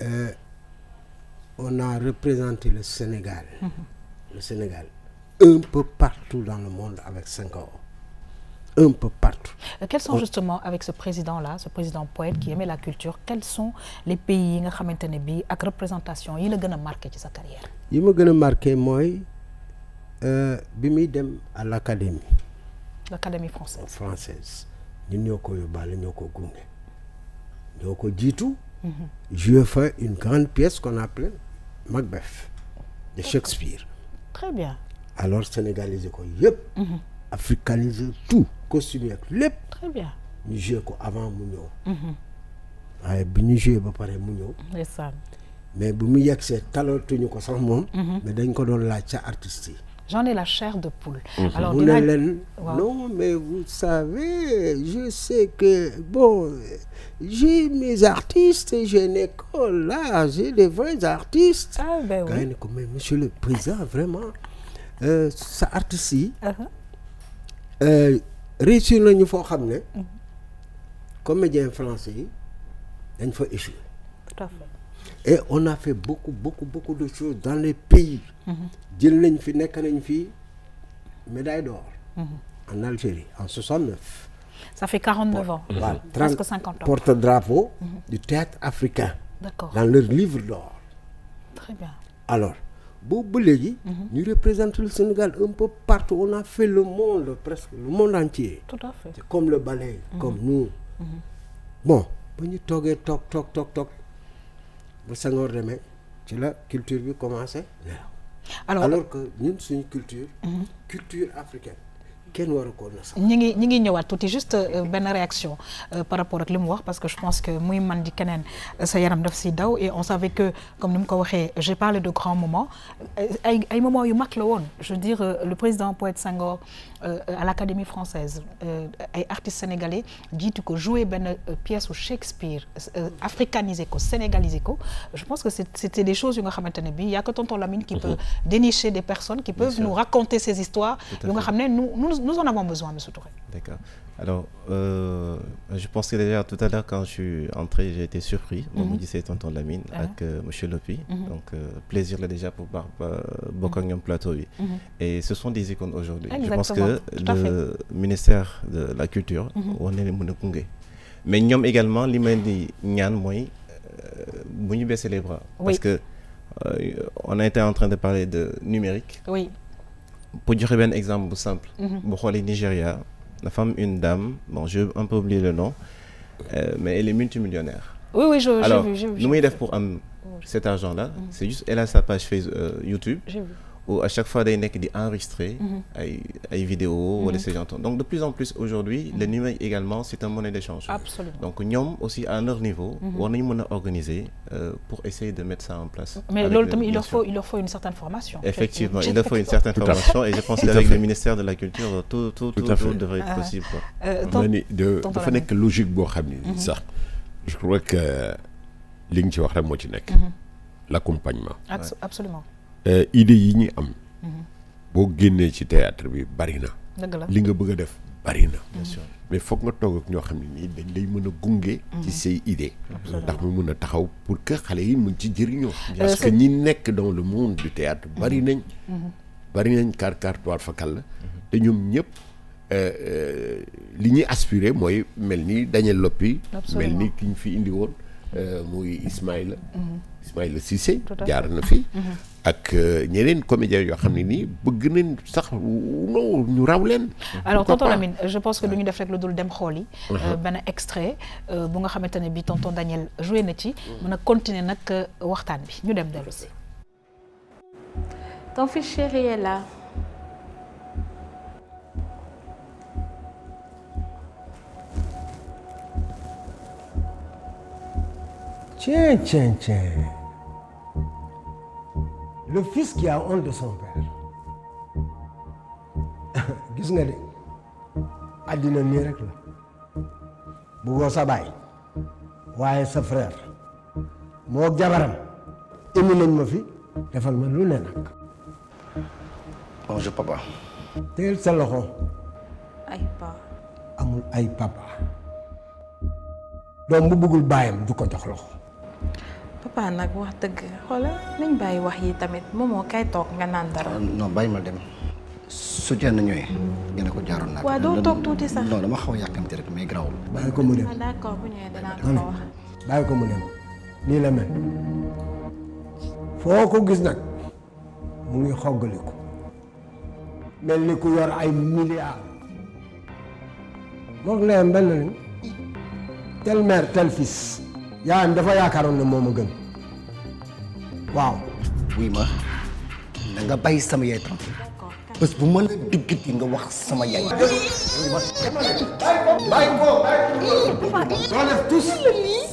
Euh, on a représenté le Sénégal. le Sénégal un peu partout dans le monde avec ans un peu partout.
Euh, quels sont justement, avec ce président-là, ce président poète qui aimait la culture, quels sont les pays qui avec représentation Il a marqué sa carrière
Il m'a marqué, moi, euh, à l'académie.
L'académie française.
Française. Nous avons dit tout. Je fais une grande pièce qu'on appelait Macbeth de Shakespeare. Très bien. Alors, Sénégalais, yep. -hmm africaniser tout costume avec très bien Niger avant mu ñëw. Mhm. waaye bi ñu joué ba pare mu ñëw. mais bu mu yegg see talatuñu mhm. mais d'un côté la la ca
j'en ai la chair de poule. Mhm. alors non mais vous
savez je sais que bon j'ai mes artistes je une école là j'ai des vrais artistes. ah ben monsieur le président vraiment ça euh, artiste. Uh-huh. Euh, réussir nañu foo xam mm-hmm. comédien français il dañ fa échoué
tout à fait
et on a fait beaucoup beaucoup beaucoup de choses dans les pays mm-hmm. jël nañ fi nek nañ fi médaille d'or mm-hmm. en Algérie en 69
ça fait 49 ans presque 50 ans
porte-drapeau du théâtre africain d'accord dans leur livre d'or très bien alors nous mhm. représentons le Sénégal un peu partout on a fait le monde presque le monde entier. tout à fait c'est comme le balai, mhm. comme nous. Mhm. bon ba ñu toogee toc toog la culture commencé. alors alors que nous une culture. culture africaine kenn waru ko na sax
ñi ñi juste euh, benn réaction euh, par rapport ak li wax parce que je pense que muy man di keneen euh, sa yaram daf si daw et on savait que comme nous mu ko waxee j'ai parlé de grands moments ay ay moments yu mag la woon je veux dire le président Poète Senghor euh, à l'Académie française et euh, artiste sénégalais dit que jouer une euh, pièce au Shakespeare africanisé ko sénégalisé je pense que c'était des choses il n'y a que tonton Lamine qui peut mhm. dénicher des personnes qui peuvent nous raconter ces histoires nous nous en avons besoin M. Touré
d'accord alors, euh, je pense que déjà tout à l'heure, quand je suis entré, j'ai été surpris. Mm -hmm. On me mhm. c'est Tonton Lamine ah. avec euh, M. Lopi. Mhm. Donc, euh, plaisir là déjà pour Bokangyam mhm. Plateau. Et ce sont des icônes aujourd'hui. Je pense que le ministère de la Culture, on est les Mounokungé. Mais nous également, l'Imendi Nyan Moui, Mouni baisser les bras. Parce que on a été en train de parler de numérique. Oui. Pour dire un exemple simple, mm -hmm. Nigeria, la femme, une dame, bon, j'ai un peu oublié le nom, euh, mais elle est multimillionnaire. Oui, oui, j'ai vu. Alors, nous, il pour oh, cet argent-là, mm. c'est juste, elle a sa page Facebook, euh, YouTube. J'ai vu où à chaque fois il y di enregistrer mhm. ay ay vidéo ou les mhm. gens donc de plus en plus aujourd'hui mhm. le numérique également c'est un monnaie d'échange donc sommes aussi à leur niveau on a une monnaie organisée euh, pour essayer de mettre ça en place mais il leur
faut il leur faut une certaine formation effectivement
il leur faut une certaine formation et je pense qu'avec le ministère de la culture tout tout tout devrait être ah. possible
euh, de ma ni logique qui est ça je crois que l'accompagnement absolument Euh, idées yi ñu am. Mm-hmm. boo génnee ci théâtre bi bari na. li nga bëgg a def bari na. Mm-hmm. mais foog nga toog ak ñoo xam ne nii dañ lay mën a gunge. ci mm-hmm. say idée. ndax mu mën a taxaw pour que xale yi mën ci jëriñoo. parce que ñi nekk dans mu monde du théâtre bari nañ. bari nañ car car toile la te ñoom ñëpp. Euh, euh, li ñuy aspiré mooy mel ni Daniel Lopy mel ni ki ñu fi indi woon muy Ismaïla Ismaïla Cissé jaar na fi ak euh, ñeneen comédiens yoo xam ne nii bëgg nañ sax non ñu raw leen. alors tonton Lamine
je pense que du ñu def rek lu dul dem xool yi. Uh-huh. Euh, benn extrait euh, bu nga xamante ne bi tonton Daniel joué na ci. mën a continuer nag waxtaan bi ñu dem dellu si. Ton fils chéri est là.
Tiens, tiens, tiens le fils qui a honte de son père gis nga de àddina nii rek la buggoo sa baay waaye sa frère moo jabaram indi nañ ma fi defal ma lu ne nag bonjour oh, papa teel sa loxo ay papa amul ay papa Donc bu bëggul baayam du ko jox loxo
papa wax dëgg xoola nañ wax yi tamit moomoo kay
ah, ma dem su jenn ñëwee. gën a ko ah, ko ko
foo ko gis nag mu ngi xoggaliku mel ni yor ay milliards moom leen benn tel mère tel fils. yan dafa yaakaaroon ne moo ma gën waaw wii ma da nga
bàyyi sama yaay tranquille bés bu ma la diggati nga wax sama yaay bàyyi
ko
doo def tous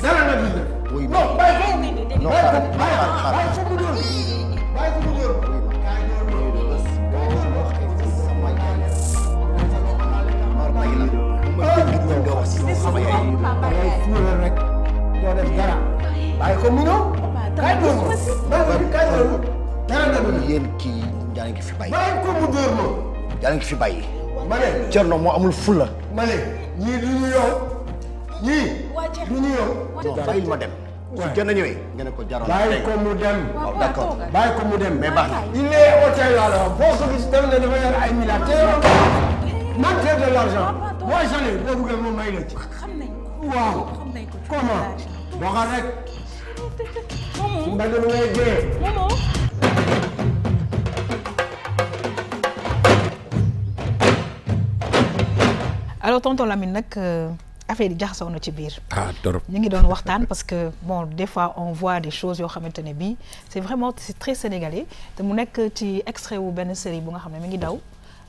dara nga bind wii ma bàyyi ko non xaaral xaaral xaaral
sama yaay yi sama yaay yi rek doo def dara
bàyyi ko mu ñëw. kaay dóor ma bàyyi ko kaay dóor ma dara na doon yéen kii
yaa ngi fi bàyyi. bàyyi
ko mu dóor
ma.
yaa ngi fi bàyyi. ma ne Thierno moo amul fulla. ma ne ñii du ñu yow ñii du ñu yow. non bàyyi ma dem. su jënd ñëwee nga ne ko jaroon bàyyi ko mu dem waaw d'accord bàyyi ko mu dem mais baax na il est
hôtel là la boo ko gis dem na dafa yor ay milliards te yow manque de l'argent boo jëlee boo bëggee moom may la ci waaw comment waxal rek.
moomoo mbal mi ngay dee.
alors tonton Lamine nag euh, affaire yi jaxasoo ci biir. ah torop ñu ngi parce que bon des fois on voit des choses yoo xamante ne bii c' C'est vraiment c'est très sénégalais te mu nekk ci extrait wu benn série bu nga xam ne mi ngi daw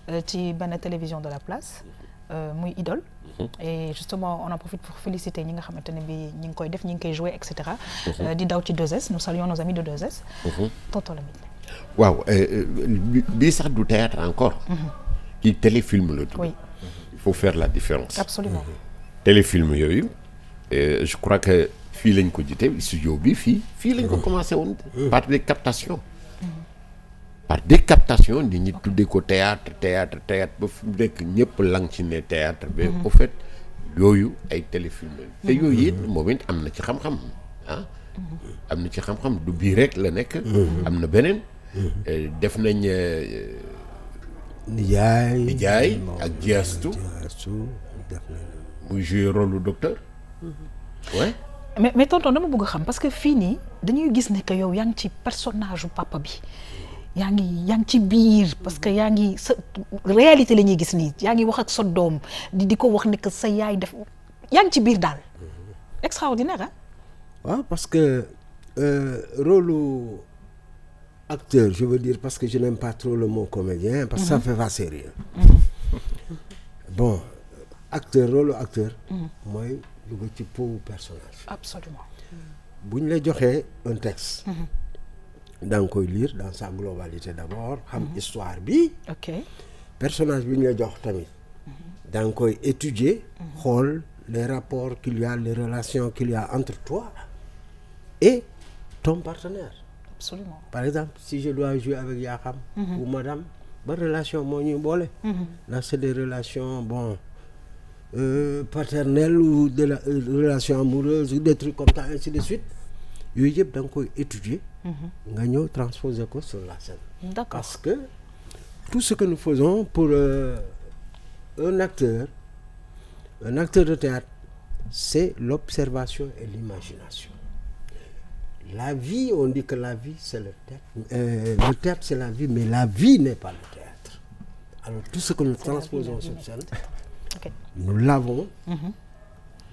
euh, ci benn télévision de la place euh, muy Idole. Mhm. et justement on en profite pour féliciter ñi nga xamante bi ñi ngi koy def ñi koy jouer mhm. euh, di daw ci 2S nous saluons nos amis de 2S. Mhm. tonton Lamine.
waaw euh, euh, bi sax du théâtre encore. kii téléfilm le tout.
il
faut faire la différence. absolument téléfilm et je crois que fi lañ ko jité studio bi fi fi lañ ko commencé par des captations par ah, décaptation nit ñi tuddee ko théâtre théâtre théâtre ba fi mu nekk lang ci né théâtre mais mhm. au fait yoyu ay téléfilm té mhm. yoyu it mhm. moom it ci xam-xam ah amna ci xam-xam du bi rek la nekk amna benen eh, def nañ eh, nijaay nijaay ak jiastu muy joué rôle du docteur ouais
mais mais tonton dama bëgg xam parce que fini, dañuy gis ne que yow yaa ngi ci personnage papa bi Yangi, ngi parce que Yangi, réalité lañuy gis ni yangi wax ak sa dom di wax que sa yaay def ci extraordinaire hein parce
que euh, rôle acteur je veux dire parce que je n'aime pas trop le mot comédien. parce que ça mhm. fait pas sérieux mhm. bon acteur rôle acteur. je lu ko ci peau personnage. absolument buñ ñu la un texte. Mhm lire dans sa globalité d'abord mhm. histoire bi ok personnage bi ñu mhm. étudier mhm. les rapports qu'il y a les relations qu'il y a entre toi et ton partenaire Absolument. Par exemple, si je dois jouer avec Yaham ou Madame, bonne relation, Là, c'est des relations, bon, euh, paternelles ou des euh, relations amoureuses, ou des trucs comme ça, ainsi de suite. Je vais donc étudier nga ñëw transposer sur la scène. parce que tout ce que nous faisons pour euh, un acteur un acteur de théâtre c'est l'observation et l'imagination la vie on dit que la vie c'est le théâtre euh, le théâtre c'est la vie mais la vie n'est pas le théâtre alors tout ce que nous transposons sur scène nous l'avons mhm.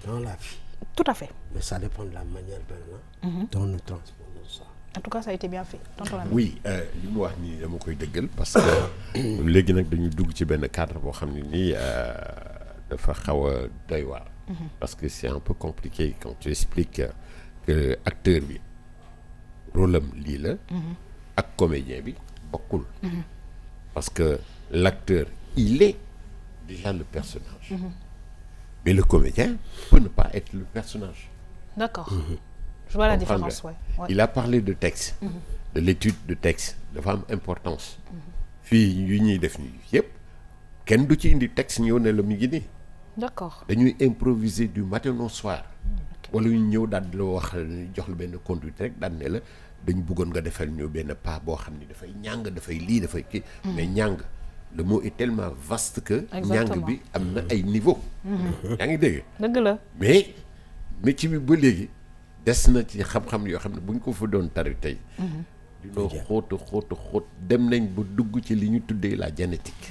dans la vie tout à fait mais ça dépend de la manière dont nous transposons mhm
en tout cas ça a été bien fait oui je
euh, mu wax que dama parce que maintenant, nag dañu dans ci cadre ne euh, dafa mhm. parce que c'est un peu compliqué quand tu expliques que acteur le rôle de la. le mhm. comédien bi mhm. parce que l'acteur il est déjà le personnage. mais le comédien peut ne pas être le personnage.
d'accord je différence ouais, il a
parlé de texte mhm. de l'étude de texte de femme importance fille yu ñuy def dit du texte ne le ngi D'accord. d'accord ont improviser du matin au soir hmm, wala nous ñëw le wax jox dit conduite rek ne pas boire ni nga defal de pas ont de faire mais le mot est tellement vaste que bi niveau hmm. mais métier des na ci xam-xam yo xam buñ ko fa doon tari di no xoto xoto xóot dem nañ ba dugg ci li ñu la génétique.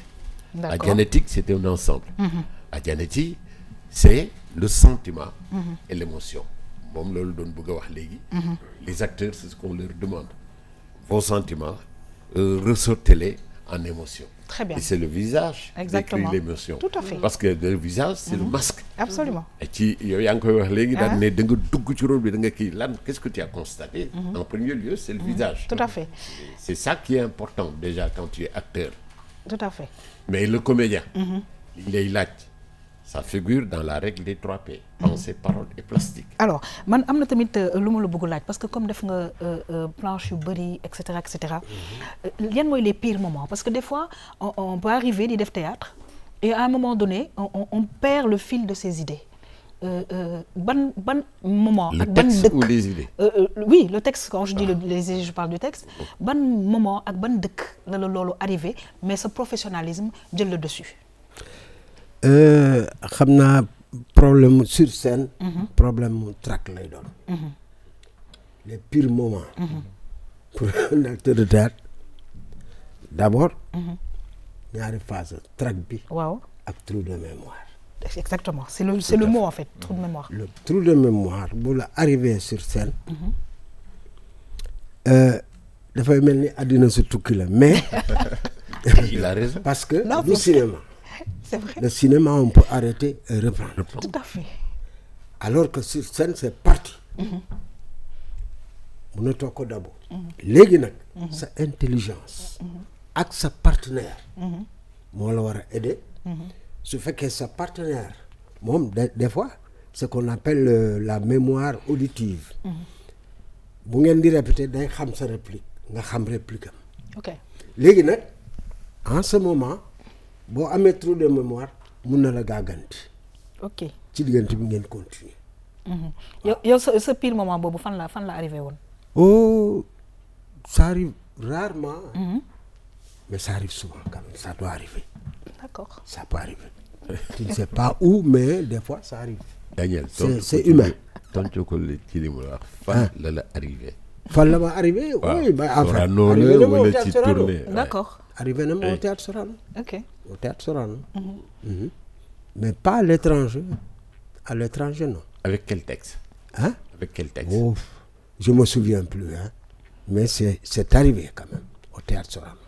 la génétique c'était un ensemble. Mhm. la génétique c'est le sentiment. Mhm. et l'émotion. mom moom doon bëgg wax légui mhm. les acteurs c'est ce qu'on leur demande. vos sentiments euh, ressortez-les émotion. Très bien. Et c'est le visage Exactement. l'émotion. Tout à fait. Parce que le visage, c'est le mhm. masque. Absolument. Et tu, ah. qu'est-ce que tu as constaté mhm. En premier lieu, c'est le mhm. visage. Tout à fait. C'est ça qui est important déjà quand tu es acteur. Tout à fait. Mais le comédien, il est là ça figure dans la règle des trois P pensée parole et plastique.
alors je am na dire euh, lu ma parce que comme def nga euh, euh, planche yu etc. et cetera et cetera les pires moments parce que des fois on peut arriver di def théâtre et à un moment donné on perd le fil de ses idées. ban moment. le texte ou les idées. oui le texte quand je dis ah. les idées je parle du texte Bon moment ak ban dëkk la arrive, mais ce professionnalisme je le dessus
xam naa problème sur scène. Mhm. problème de trac lay doon. Mhm. les pires mhm. pour un acteur de théâtre y a
ñaari phase trac bi. waaw ak trou de mémoire. exactement c'est le c'est le mot en fait trou de mémoire. le
trou de mémoire pour arriver sur scène. Euh, dafay mel ni àddina su tukki la mais. il a raison parce que. du cinéma. Le cinéma, on peut arrêter et reprendre. Tout à fait. Alors que sur scène, c'est parti. Mhm. On ne toog ko dabo. c'est nag. Mhm. sa intelligence. ak sa partenaire. Mhm. moo la war a aider. fait que sa partenaire. des des fois ce qu'on appelle euh, la mémoire auditive. bu ngeen di répéter day xam sa réplique nga xam réplique ok léegi en ce moment bo amé trou de mémoire peux na la gàgganti. ok ci diggante bi ngeen continuer.
Mhm. yow yow sa ce pire moment boobu fan la fan la arrivé woon.
oh ça arrive rarement. Mmh. mais ça arrive souvent quand même ça doit arriver. d'accord ça peut arriver. tu ne sais pas où mais des fois ça arrive.
Daniel c'est humain. tontu ko ci li mu la wax. fan ah. la la arrivé. fan la arrivé. oui avant bah, en fait
d'accord. Arrivé même au théâtre Sorano. Ok. Au théâtre Sorano. Mhm. Mhm. Mais pas à l'étranger. À l'étranger, non. Avec quel texte Hein Avec quel texte Je ne me souviens plus. Hein. Mais c'est arrivé quand même au théâtre Sorano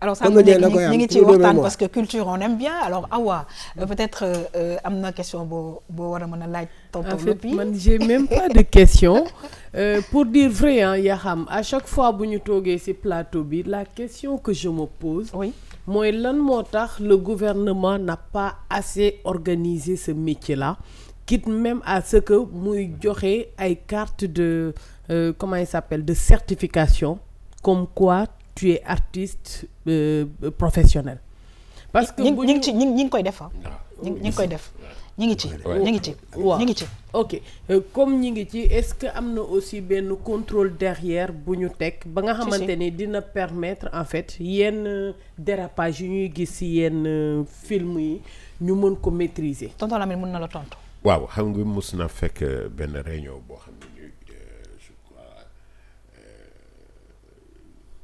alors ça on nekk parce que culture on aime bien alors Awa euh, peut-être euh, euh,
amener une question pour a je j'ai même pas de question pour dire vrai hein, Yaham. à chaque fois que nous ci plateau la question que je me pose. oui que le gouvernement n'a pas assez organisé ce métier-là quitte même à ce que nous ayons une carte de comment il s'appelle de certification comme quoi tu es artiste euh, euh, professionnel. parce que bu ñu ngi ci ñu koy def ah. ah, ñu koy def ñu ci ñu ci ñu ngi ci ok euh, comme ñi ci est-ce que am na aussi benn contrôle derrière bu ñu teg ba nga xamante dina permettre en fait yenn dérapage yu ñuy gis ci yenn film yi ñu mën ko maîtriser tonton Lamine mën na la tontu.
waaw xam nga mos naa fekk benn réunion boo xam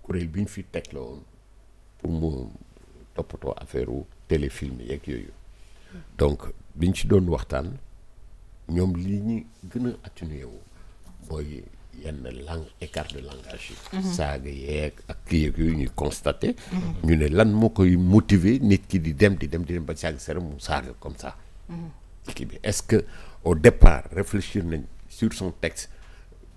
kuréel bi ñu fi teg la woon pour mu toppatoo affaire u téléfilm yeeg yooyu donc biñ ci doon waxtaan ñoom li ñi gën a atténuer wu mooy yenn langue écart de langage yi mhm. saaga yeeg ak kii yeeg yooyu ñuy constater. Mhm. ñu ne lan moo koy motiver nit ki di dem di dem di dem ba saaga sere mu saaga comme ça mhm. kii bi est-ce que au départ réfléchir nañ sur son texte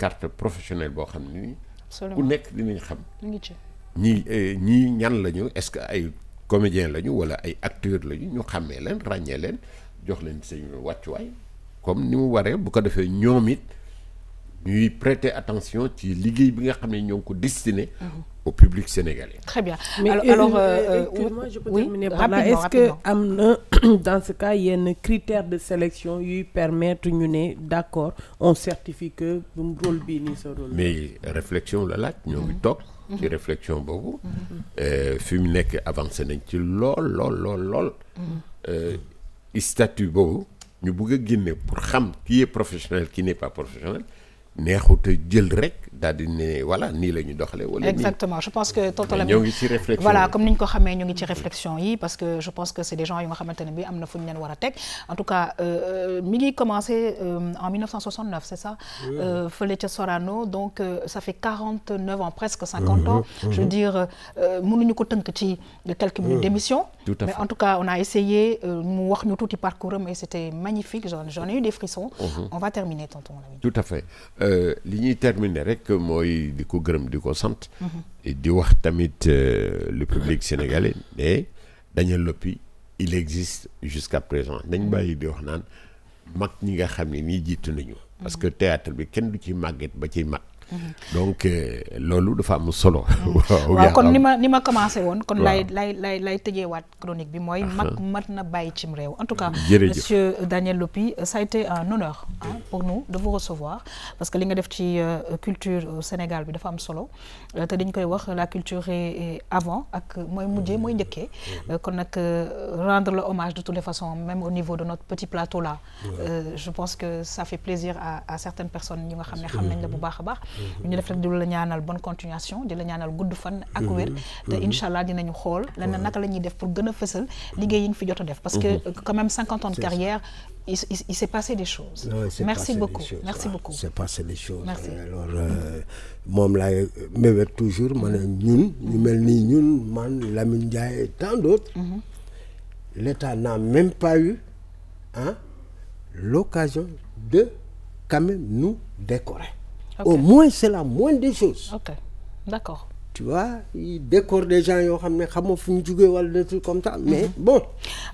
carte professionnelle pour xamni ku nek dinañ xam. ni ni eh, est-ce que ay lañu acteurs lañu ñu jox comme ni mu waré bu ko prêter attention ci liguey bi nga destiné. Mhm au public sénégalais.
Très bien. Mais alors, alors euh, euh, euh, moi je peux terminer par là. Est-ce que dans ce cas il y a un critère de sélection permet permettre ñu ne d'accord on certifie que rôle bii nii rôle. mais
réflexion la laaj ñoo ngi mm-hmm.
ci mm-hmm. réflexion beaucoup.
Mm-hmm. fi mu que avancé nañ ci lol lool lool euh, statut ñu pour xam qui est professionnel qui n'est pas professionnel neexut a jël rek daal di ne voilà nii la ñu doxalee. wala exactement
je pense que tonton la ñoo ngi ci réflexion voilà comme niñ ko xamee ñu ngi ci réflexion yi parce que je pense que c' est des gens yu nga xamante ne bi am na fu ñu leen war a teg en tout cas euh, euh, mi ngi commencé euh, en 1969 c'est ça. fële ca Sorano donc ça fait 49 ans presque 50 mhm, ans. Mhm. je veux dire mënuñu ko tënk ci quelques minutes mhm. d' émission. mais en tout cas on a essayé mu wax ñu tuuti parcours am et c' était magnifique J'en ai eu des frissons. on va terminer tonton
tout à fait. Euh, li ñuy terminer rek mooy di ko gërëm di ko mm-hmm. di wax tamit euh, le public sénégalais mais Daniel Lopi il existe jusqu'à présent N'importe mm-hmm. qui di wax naan mag ñi nga xam ne nañu. parce que mm-hmm. théâtre bi kenn du ci màgget ba Mm-hmm. donc euh, loolu dafa am solo. Mm-hmm. waaw kon ni
ma ni ma commencé woon. kon lay lay lay lay tëjeewaat chronique bi mooy. mag mat na bàyyi cim réew. en tout cas monsieur Daniel Lopi ça a été un honneur hein, pour nous de vous recevoir parce que li nga def ci euh, culture euh, Sénégal bi dafa am solo te dañ koy wax la culture est avant ak mooy mujjee mooy njëkkee mm-hmm. kon nag rendre le hommage de toutes les façons même au niveau de notre petit plateau là je pense que ça fait plaisir à à certaines personnes ñi nga xam ne xam nañ la bu baax a baax ñu def rek di la ñaanal bonne continuation di la ñaanal gudd fan ak mhm. wér te mhm. inshallah allah dinañu xool leneen naka la def pour gën a fësal liggéey yi ñu fi jot a def parce que mhm. quand même cinquante ans de carrière il, il, il s'est passé des choses. merci beaucoup. merci beaucoup. s'est passé des choses. Merci. Alors,
moi, je me toujours, moi, nous, nous, ñun Man, Lamine et tant d'autres, l'État n'a même pas eu hein, l'occasion de quand même nous décorer. Au moins, c'est la moindre des choses. Ok, d'accord. tu vois il décore des gens yoo xam ne xamoo fu des trucs comme ça. Mhm. mais bon.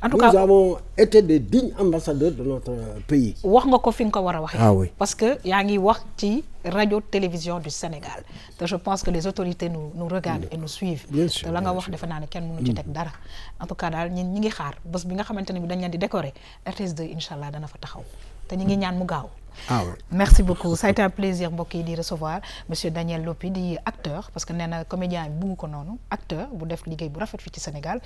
en tout cas nous avons été des dignes ambassadeurs de notre pays.
wax nga ko fi ko ah oui parce que ya ngi wax ci radio télévision du Sénégal donc je pense que les autorités nous nous regardent et nous suivent. bien sûr la nga wax defe naa ne mënu ci mhm. en tout cas daal ñun ñi ngi xaar bés bi nga xamante dañ di décorer RTS2 Inch'Allah allah dana fa taxaw te ñu ngi ñaan mu gaaw. ah oui merci beaucoup ça a été un plaisir mbokk di recevoir monsieur Daniel Lopi di acteur parce que néna comédien bu bugg ko noonu acteur bu def liggéey bu rafet fi ci Sénégal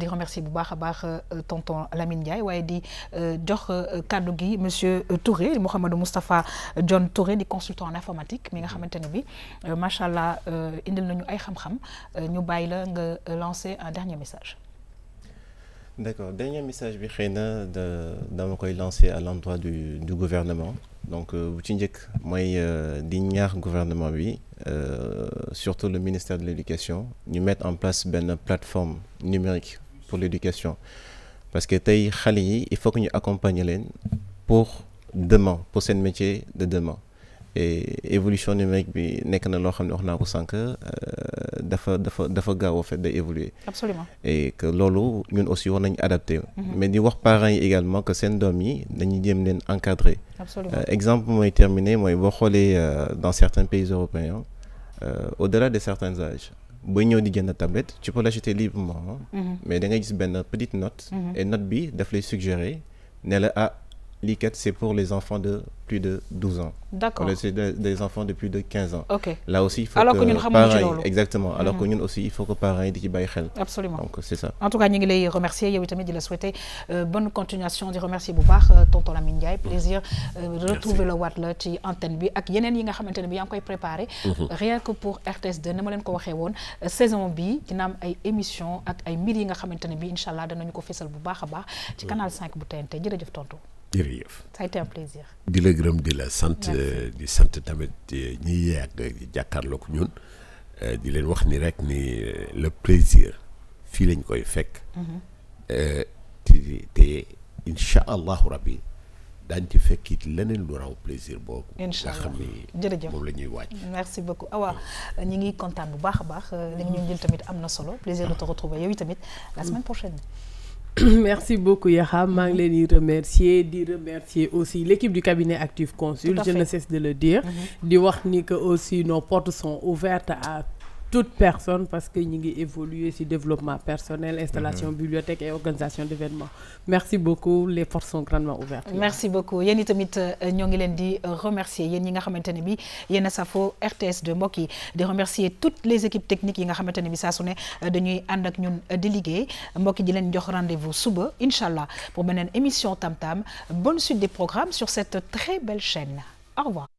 di remercier bu baax baax euh, tonton Lamine Ndiaye waye di euh, jox cadeau euh, gi monsieur Touré Mouhamadou Mustapha John Touré di consultant en informatique mi nga xamante ne bi machallah indil nañu ay xam-xam ñu bayila nga lancer un dernier message.
D'accord. Dernier message, Bichena, dama lancé à l'endroit du, gouvernement. Donc, vous euh, ci que euh, gouvernement euh, surtout le ministère de l'éducation nous mettre en place une plateforme numérique pour l'éducation parce que il faut que nous accompagnions pour demain pour ce métier de demain et évolution numérique bi nekk na lo xam ne wax naa ko sànq euh, dafa dafa dafa gaaw a fait de évoluer absolument et que lolu ñun aussi war nañu adapté mhm. mais di wax parents également que sen dom yi dañuy jëm leen encadrer euh, exemple moy terminé mooy boo xoolee euh, dans certains pays européens euh, au-delà de certains âges booy ñëw di jënd tablette tu peux l'acheter librement hein. mhm. mais da ngay gis ben petite note mhm. et note bi daf lay suggérer ne la ah E c'est pour les enfants de plus de 12 ans. D'accord. C'est des enfants de plus de 15 ans. OK. Là aussi, il faut alors que, exactement. Mm-hmm. Alors que aussi, il faut que Absolument. Donc, c'est ça.
En tout cas, nous les remercier. de la souhaiter euh, bonne continuation. Je remercie beaucoup, Tonton Plaisir de euh, le ci antenne bi ak mm-hmm. rien que pour RTS2 euh, saison bi émission ak ay yi nga jërëjëf. ça a été un plaisir.
di la gërëm di la sant euh, di sant tamit euh, ñi yàgg jàkkaarloo ko ñun euh, di wax ni rek ni le plaisir fii lañ koy fekk. Mhm. te te incha rabbi daañu ci fekk it leneen lu raw plaisir boobu. incha allah ni jërëjëf la
merci beaucoup Awa ñi ngi kontaan bu baax a baax. li ñu tamit am solo plaisir de te retrouver yow tamit la mm. semaine prochaine.
Merci beaucoup Je mm -hmm. je remercier, remercier aussi l'équipe du cabinet Active Consul, je ne cesse de le dire, mm-hmm. de voir que aussi nos portes sont ouvertes à toute personne parce que ñu ngi évoluer ci développement personnel installation mhm. bibliothèque et organisation d'événements merci beaucoup les portes sont grandement ouvertes
merci beaucoup yéen i tamit euh, ñoo ngi di remercier safo RTS de MOKI de remercier toutes les équipes techniques yi nga xamante ne bi saa su nous euh, dañuy ànd ak ñun euh, rendez-vous suba inshallah pour pour une émission tam tam bonne suite des programmes sur cette très belle chaîne au revoir